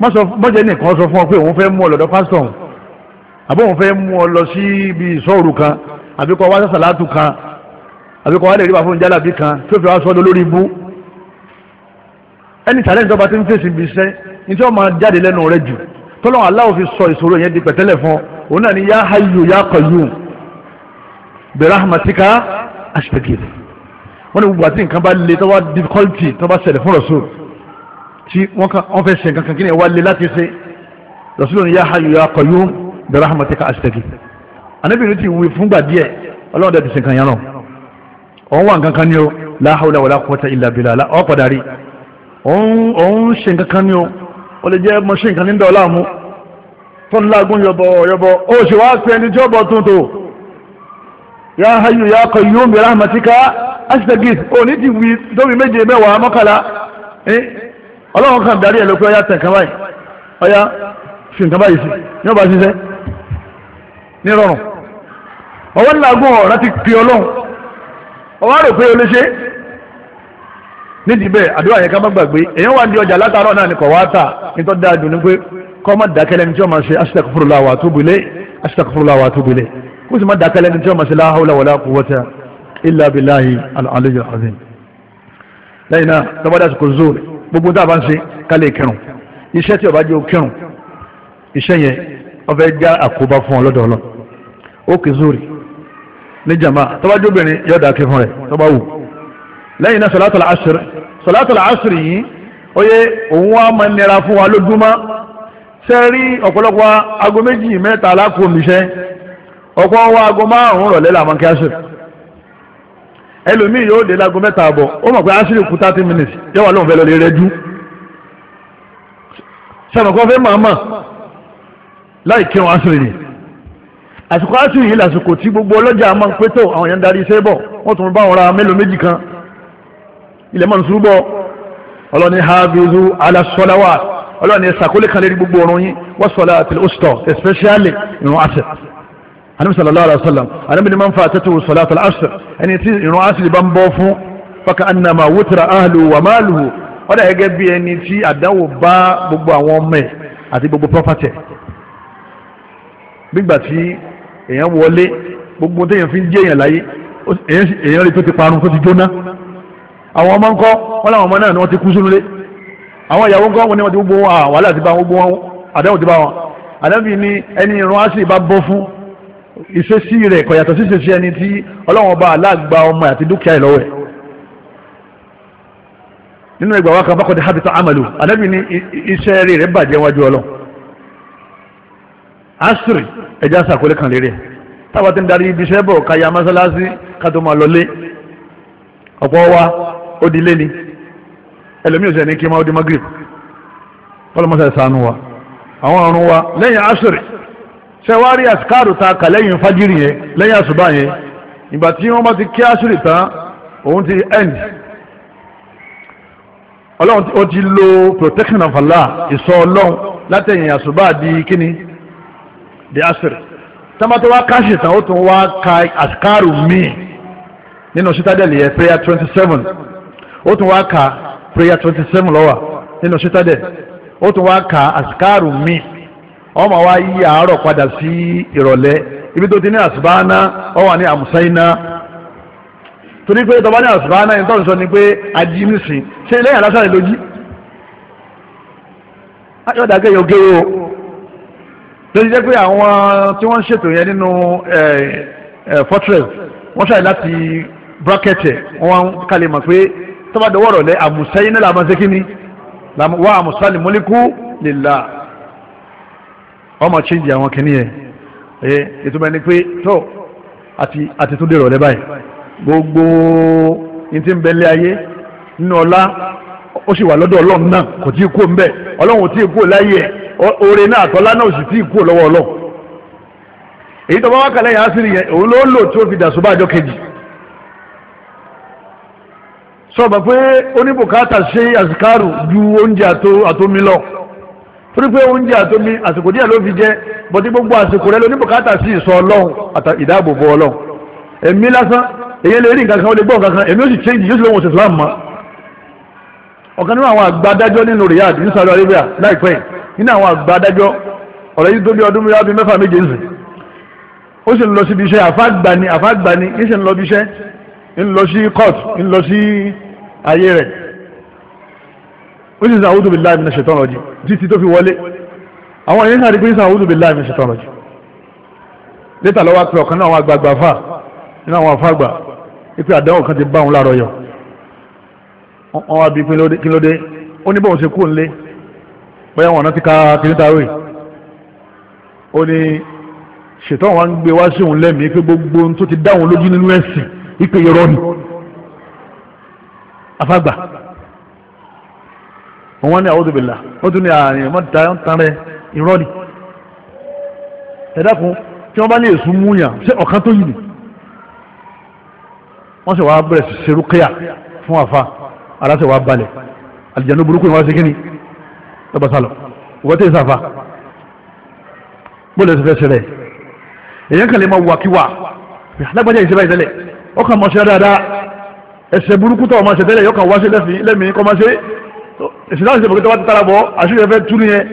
mọ́jẹ́ nìkan sọ fún ọ pé òun fẹ́ mú ọ lọ́dọ̀ pásítọ̀ àbí òun fẹ́ mú ọ lọ sí ibi ìṣọ́ọ̀rù kan àbí kọ́ wá sàlátù kan àbí kọ́ wá lè rí bá fún jálàbí kan tó fi wá sọ́dọ̀ lórí ibú ẹni challenge bá ti ń fèsì ibi iṣẹ́ ní tí wọ́n máa jáde lẹ́nu rẹ jù tọ́lọ́wọ́n aláwọ̀ fi sọ ìṣòro yẹn di pẹ̀tẹ́lẹ̀ fún òun náà ni yá hayyu yá qayyum bi rahmatika astaghith wọ́n ní gbogbo àti nǹkan bá le tó wá difficulty tó bá ṣẹlẹ̀ fún rasul tí wọ́n fẹ́ ṣe nǹkan kí ni ẹ̀ wá le láti ṣe rasul ni ya hayyu ya qayyum bi rahmatika astaghi anabi ti wí fúngbà díẹ̀ ọlọ́run dẹ̀ ti ṣe nǹkan yẹn náà òun wà nǹkan kan ní o la hawla wala quwwata illa billah ọ̀ padà rí òun ṣe nǹkan kan ní o ó lè jẹ́ mo ṣe nǹkan ní dọ̀ọ́lá mu tó ń lágún yọbọ yọbọ ó sì wá pé ẹni tí ó bọ̀ tuntun ya hayyu ya qayyum bi rahmatika asitagis oni ti wí tóbi méje mẹ́wàá mọ́kànlá ọlọ́run kan darí ẹ̀ ló pé ọyá tẹ̀ kan báyìí ọyá fi nǹkan báyìí ní ọba ṣiṣẹ́ ní rọrùn ọwọ́ nílágún ọ̀rá ti pè ọlọ́run ọwọ́ rò pé o lè ṣe nídìí bẹ́ẹ̀ àdúrà yẹn ká má gbàgbé èèyàn wà ní ọjà látàárọ̀ náà ni kò wá tà nítorí dáa dùn ní pé kọ́ má dákẹ́lẹ́ ní tí wọ́n máa ṣe astaghfirullah wa atubu ilayh astaghfirullah wa atubu ilayh kó sì má dákẹ́lẹ́ ní tí wọ́n máa ṣe la hawla wala quwwata illa billahi al-aliyyil azim lẹ́yìn náà tọ́bádà sùkò zoo gbogbo tá a bá ń ṣe kálẹ̀ kírun iṣẹ́ tí ọba jẹ́ o kírun iṣẹ́ yẹn ọbẹ̀ já àkóbá fún ọ lọ́dọ̀ ọlọ́ ó kì í zóòrì ní jama tọ́bájú obìnrin yóò dáa kí fún rẹ̀ tọ́bá wù lẹ́yìn náà sọ̀látọ̀lá àṣírí sọ̀látọ̀lá àṣírí yìí ó yẹ òun wá máa nira fún wa lójúmọ́ ṣe rí ọ̀pọ̀lọpọ̀ aago mẹ́ta alákòómiṣẹ́ ẹlòmíì yóò dé láago mẹ́ta àbọ̀ ó mọ̀ pé àṣírí kù thirty minutes yóò wà lóun fẹ́ lọ lè rẹ́jú sọ̀rọ̀kọ́ fẹ́ màmá láì kírun àṣírí ni àsìkò àṣírí yìí làsìkò tí gbogbo ọlọ́jà máa ń pétò àwọn yẹn ń darí iṣẹ́ bọ̀ wọ́n tún bá wọn ra mélòó méjì kan ilẹ̀ máa ń súbọ̀ ọlọ́ni habizu alasọ́láwà ọlọ́ni ṣàkólé kan lérí gbogbo ọ̀run yín wọ́n sọ̀lá àti ọ̀sítọ̀ especially ìrún àṣẹ anabi sallallahu alaihi wasallam anabi ni man fatatu salat al-asr ẹni tí ìrun asiri bá ń bọ́ fún faka annama wutra ahlu wa maluhu ó dà gẹ́gẹ́ bí ẹni tí àdánwò bá gbogbo àwọn ọmọ ẹ̀ àti gbogbo property nígbà tí èèyàn wọlé gbogbo téèyàn fi ń jẹ́ èèyàn láyé èèyàn rí tó ti parun tó ti jóná àwọn ọmọ ńkọ́ wọn làwọn ọmọ náà ni wọ́n ti kú sínú lé àwọn ìyàwó ńkọ́ wọn ni wọ́n ti gbogbo wọn wàhálà ti bá wọn gbogbo wọn àdánwò ti bá wọn àdánwò ni ẹni ìrun asiri bá bọ́ fún ìṣesí rẹ̀ kò yàtọ̀ sí ìṣesí ẹni tí ọlọ́run ọba aláàgbà ọmọ àti dúkìá ẹ̀ lọ́wọ́ ẹ̀ nínú ẹgbàá wa kan bá kọ́ni habita amalu anabi ni iṣẹ́ rẹ̀ rẹ̀ bàjẹ́ wájú ọlọ́ asiri ẹja sàkólé kan lérí ẹ̀ táwa ti ń darí ibi iṣẹ́ bọ̀ káyà mọ́sálásí kátó máa lọlé ọ̀pọ̀ wa ó di lé ni ẹlòmíràn sẹ́ni kí n máa ó di magrib kọ́lọ́mọ́sá ẹ̀ sànú wa àwọn ọ̀run wa lẹ́yìn asiri sẹwárí àsìkáàrù ta kà lẹ́yìn fájírì yẹn lẹ́yìn àṣùbà yẹn ìgbà tí wọ́n bá ti kí àṣírí tán òun ti end ọlọ́run ó ti lo protection of Allah ìsọ ọlọ́run látẹ̀yìn àṣùbà di kíni di àṣírí tọ́mọ́tò wá káṣí tán ó tún wá ka àsìkáàrù míì nínú citadel yẹn prayer twenty seven ó tún wá ka prayer twenty seven lọ́wọ́ nínú citadel ó tún wá ka àsìkáàrù míì ọmọ wa yí àárọ̀ padà sí ìrọ̀lẹ́ ibi tó ti ní àsùbáná ọ wà ní àmùsáyíná torí pé tọba ní àsùbáná ẹni tọ́sọ ni pé ají nísìn ṣe lẹ́yìn alásàlẹ̀ lójí ayọ̀dàgẹ́ yóò géró tó ti jẹ́ pé àwọn tí wọ́n ń ṣètò yẹn nínú fortress wọ́n ṣàyẹ̀ láti bracket wọn kalẹ̀ mọ̀ pé tọ́ba dọwọ́rọ̀ lẹ́ àmùsáyíná làmọ́sẹ́kíní wà àmùsáyíná mọ́líkù lillah wọ́n máa change àwọn kìíní yẹn ẹ ètò mẹ́ni pé tó àti àti tó dèrò ọ̀lẹ́ báyìí gbogbo ní ti ń bẹ́lẹ̀ ayé nínú ọlá ó sì wà lọ́dọ̀ ọlọ́run náà kò tí ì kú ńbẹ ọlọ́run ò tí ì kú láyé ẹ̀ oore náà àtọ́lá náà ò sì tí ì kú lọ́wọ́ ọlọ́run èyí tó bá wá kalẹ̀ yẹn á sì rí yẹn òun ló lò tí ó fi dàsó bá àjọ kejì sọ̀rọ̀ pé oníbùkátà ṣe àsìkárù ju oúnjẹ àtomi lọ torí pé oúnjẹ àtomi àsìkò díẹ̀ ló fi jẹ́ bọ́tí gbogbo àsìkò rẹ ló ní bùkátà sí ìsọ ọlọ́run àtà ìdáàbòbò ọlọ́run èmi lásán èyí lè rí nǹkan kan ó lè gbọ́ nǹkan kan èmi ó sì change yóò sì lóun òsì Islam mọ́ ọ̀kan nínú àwọn àgbà adájọ́ nínú Riyadh ní Saudi Arabia láìpẹ́ nínú àwọn àgbà adájọ́ ọ̀rọ̀ yìí tó bí ọdún mẹ́wàá bíi mẹ́fà méje nsì ó sì ń lọ síbi iṣẹ́ àfáàgbani àfáàgbani ń sì ń lọ bí iṣẹ́ ń lọ sí court ń lọ sí ayé rẹ̀ ó sì sàn àwùjọ bìláì ní ṣètò ọ̀rọ̀ jì títí tó fi wọlé àwọn yẹn sàrí pé sàn àwùjọ bìláì ní ṣètò ọ̀rọ̀ jì létà lọ́wọ́ pé ọ̀kan náà àwọn àgbààgbà fà nínú àwọn afágbà ipe àdánwò kan ti bá òun láàárọ̀ yọ wọn wá bí kí ló dé ó ní bóun ṣe kú nílé bóyá wọn náà ti ka kìrìtàwé ó ní ṣètò àwọn ń gbé wá sí òun lẹ́mìí pé gbogbo ohun tó ti dá òun lójú nínú ẹ̀sìn ipe irọ́ ni afágbà wọn ní a'udhu billah wọn tún ní àárín ah, wọn da ń tan rẹ ni ẹ dákun tí wọn bá ní èso mú yàn ṣé ọ̀kan tó yìí ni wọn sì wá bẹ̀rẹ̀ sí serúkẹ́yà fún àfa ara sì wá balẹ̀ àlìjáde burúkú ni wọn ṣe kíni ẹ bá sálọ ìwọ tẹ̀ sáfa bó lè ṣe fẹ́ ṣẹlẹ̀ èyàn kan lè máa wà kí wà lágbájá ìṣẹ́ báyìí tẹ́lẹ̀ ọkàn mọ̀ ṣe dáadáa ẹ̀ṣẹ̀ burúkú tó ọmọ ṣe tẹ́lẹ̀ yọkàn wá ṣe lẹ́mìí kọ́ máa ṣe ìsìláàsì ìbòkè tó bá ti tara bọ̀ àṣírí ẹ̀fẹ́ tú nìyẹn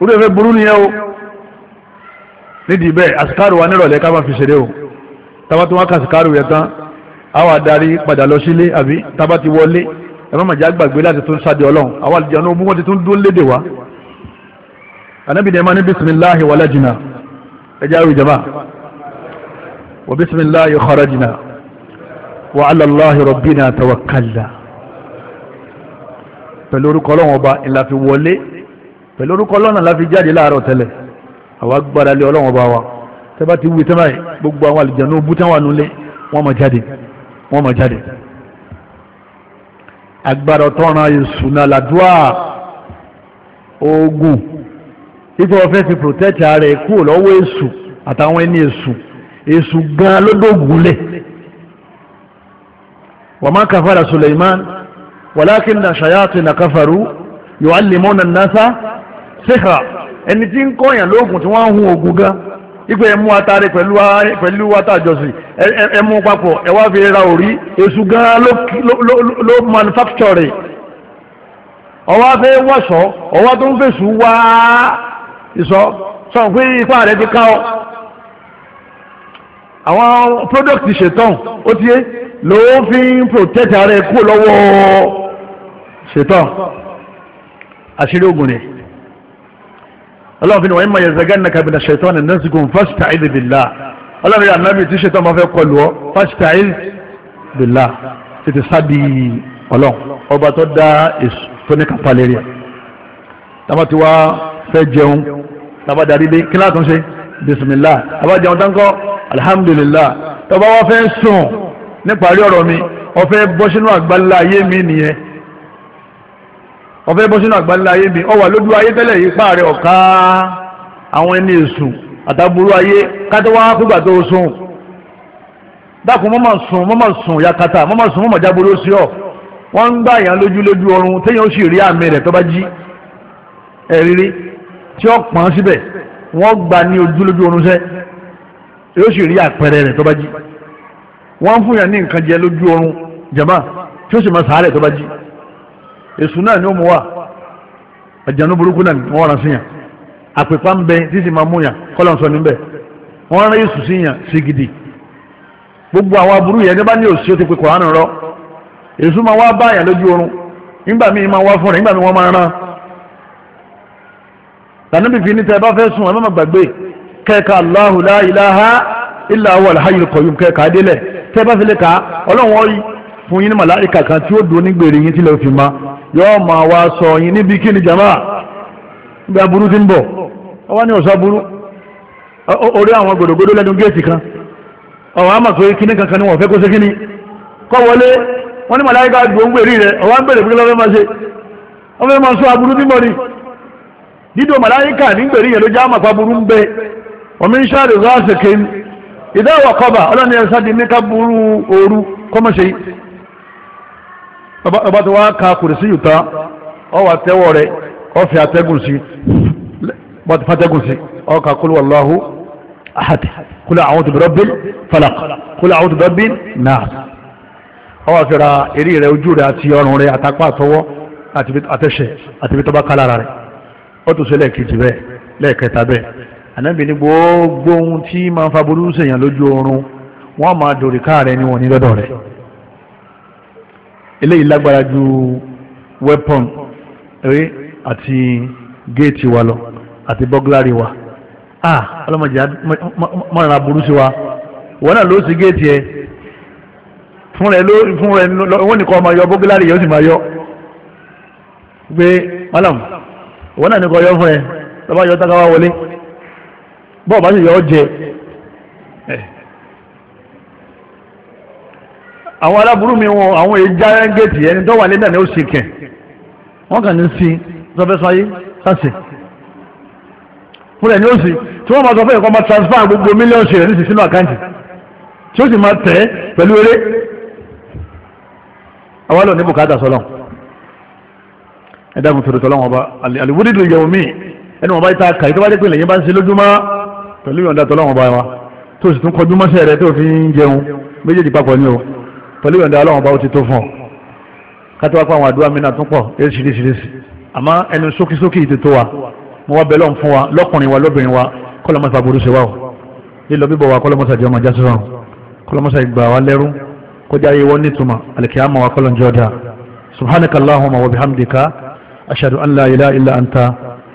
orí ẹ̀fẹ́ burú nìyẹn o nídìí bẹ́ẹ̀ àsìkáàrù wa nírọ̀lẹ́ ká máa fi ṣeré o tábà tó wá ká àsìkáàrù yẹn tán àwa adarí padà lọ sílé àbí tábà ti wọlé ẹ̀rọ màjá gbàgbé láti tún sáde ọlọ́run àwa àlùjànnú ogun wọn ti tún dún léde wa anabi ní ẹ máa ní bisimilahi walajina ẹ jẹ́ àwọn ìjọba wa bisimilahi kharajina wa ala Allahi pẹ̀lú orúkọ ọlọ́run ọba ńlá fi wọlé pẹ̀lú orúkọ ọlọ́run ńlá fi jáde láàárọ̀ tẹ́lẹ̀ àwa gbára lé ọlọ́run ọba wa tẹ́bá ti wí tẹ́bá yìí gbogbo àwọn àlùjànnú bú tán wà nulẹ̀ wọ́n máa jáde wọ́n máa jáde. agbára ọ̀tọ́ran ìṣúná làdúrà oògùn títí wọ́n fẹ́ fi protect ara lọ́wọ́ èṣù àtàwọn ẹni èṣù èṣù gan lọ́dọ̀gùn lẹ̀ wàmà kàfàrà ولكن shayatina kafaru يعلمون الناس سحر sihra ẹni tí ń kọ́yàn lóògùn tí wọ́n ń hun ògùn gan ipe ẹmu atare pẹ̀lú pẹ̀lú atajọsìn ẹmu papọ̀ ẹ wá fi ra òrí èṣù gan ló manufacture ọwọ́ afẹ́ wọ̀ṣọ́ ọwọ́ tó ń fèṣù wá ìṣọ́ sọ pé ipá rẹ̀ ti ká ọ àwọn product ṣetán ó ti ló fi ń protect ara ẹ̀ kúrò lọ́wọ́ ṣètọ́ àṣírí ogun rẹ̀ ọlọ́run fi ni wọ́n ń mọ̀ yẹn zagán nàkà bìnà ṣètọ́ ní nẹ́sìkún fasta'idh billah ọlọ́run yà nàbì tí ṣètọ́ máa fẹ́ kọlu ọ fasta'idh billah tètè sábì ọlọ́run ọba tó dá èso tó ní tí wàá fẹ́ jẹun tábà darí dé kí láàtúnṣe bismillah tábà jẹun táǹkọ́ alhamdulillah tọ́ba wá fẹ́ sùn níparí ọ̀rọ̀ mi ọ̀fẹ́ bọ́ sínú àgbáńlá ayé mi nìyẹn ọ̀fẹ́ bọ́ sínú àgbáńlá ayé mi ọ̀wà lójú ayé tẹ́lẹ̀ yìí páàrẹ̀ ọ̀ká àwọn ẹni èṣù àtàbúrú ayé kátẹ́wá kúgbà tó sùn dákun mọ́mọ́ sùn mọ́mọ́ sùn yakata mọ́mọ́ sùn mọ́mọ́ jábúrú sí ọ wọ́n ń gbà yàn lójú lójú ọrùn téèyàn ó sì rí àmì rẹ̀ tó bá jí ẹ̀rírí tí ó pọ́n síbẹ̀ wọ́n gbà ní ojú lójú ọrùn sẹ́ yóò sì rí àpẹẹrẹ rẹ̀ tó bá jí wọ́n fún yàn ní nǹkan jẹ lójú oorun jama tí ó sì máa sàárẹ̀ tó bá jí èṣù náà ni ó mú wá àjànú burúkú náà wọ́n rán sí yàn àpèpá ń bẹ títí máa mú yàn kọ́lọ̀ sọ níbẹ̀ wọ́n rán èṣù sí yàn sí gidi gbogbo àwọn aburú yẹn ní bá ní òsì ó ti pe kòránù rọ èṣù máa wá bá yàn lójú oorun nígbà míì máa wá fún rẹ̀ nígbà míì wọ́n máa rán lànàbì fi ní ẹ bá fẹ́ sùn ẹ má má gbàgbé kẹ́ẹ̀ka tẹ́ bá fi lè kà á ọlọ́run ọ̀rí fún yín ní màláìka kan tí ó dùn ní gbèrè yín tí lè fi ma yọ wa wá sọ yín níbi kí ni jama níbi aburú ti ń bọ̀ ní ọ̀sán aburú orí àwọn gbòdògbòdò lẹ́nu géètì kan ọ̀wọ́n á mà kíní kankan ni wọ́n fẹ́ kó ṣe kíní kọ́ wọlé wọ́n ní màláìka gbèrè ń bèrè ìdáwọ̀ kọba ọlọ́ni ẹ̀sá di ní ká burú ooru kọ́mọ̀ṣe bàbá tó wá ka kùrìsí yùtá ọwà tẹ́wọ̀ rẹ̀ ọfẹ́ atẹ́gùn sí bọ́tí fatẹ́gùn sí ọkà kúlù wàláhù ahad kúlù àwọn tòbí rọ́bìn falak kúlù àwọn tòbí rọ́bìn náà ọwà fẹ́ra eré rẹ̀ ojú rẹ̀ àti ọrùn rẹ̀ àtàpá àtọwọ́ àtẹ̀ṣẹ̀ àtẹ̀bí tọ́ba kálára rẹ̀ ó tún ṣe lẹ́ẹ̀kejì bẹ́ẹ̀ lẹ́ẹ̀kẹta bẹ́ẹ̀ ànábì ní gbogbo ohun tí máa ń fa burú sèyàn lójú oorun wọ́n máa dòrì káàrẹ̀ ni wọ́n ní lọ́dọ̀ rẹ̀ eléyìí lágbára ju weapon eré àti géètì wa lọ àti bọ́gláàrì wa ah ọlọ́mọdé mọ̀rànlá burú sí wa wọ́n náà ló sì géètì ẹ fúnra ẹ fúnra ẹ wọ́n nìkan ọmọ yọ bọ́gláàrì yóò sì máa yọ gbé malam wọ́n náà nìkan yọ fún ẹ lọ́ba yọ tákàwá wọlé bọ́ọ̀ bá sì yọ ọ́ jẹ àwọn aláburú mi wọn àwọn èyí já gẹ̀ẹ́tì ẹni tó wà nílẹ̀ ni ó sì kẹ̀ wọ́n kàn ní sí sọfẹ́sọ ayé sásì fúnlẹ̀ ni ó sì tí wọ́n máa sọ fún ẹ̀kọ́ máa transfer gbogbo mílíọ̀nù ṣe rẹ̀ ní sísínú àkáǹtì tí ó sì máa tẹ̀ pẹ̀lú eré àwa lọ ní bùkátà sọlọ ẹ dákun tòrò sọlọ wọn bá àlùwúdìdì yẹwò míì ẹni wọn bá yìí tá a kà yìí tó bá dé pé lẹ́yìn bá ń ṣe lójúmọ́ pẹ̀lú ìyọ̀ǹda tọ́lọ́wọ́n bá wa tó sì tún kọjú mọ́ṣẹ́ rẹ tó fi ń jẹun méjèèjì papọ̀ ni o pẹ̀lú ìyọ̀ǹda ọlọ́wọ́n bá ó ti tó fún ọ kátó wá pa àwọn àdúrà mìíràn tún pọ̀ eréṣiríṣiríṣi àmọ́ ẹnu sókísókí ti tó wa mo wá bẹ lọ́n fún wa lọ́kùnrin wa lóbìnrin wa kọ́lọ́mọ́sá burú sí wa o lílọ bíbọ̀ wa kọ́lọ́mọ́sá jẹ́ ọmọ jásí wa kọ́lọ́mọ́sá ìgbà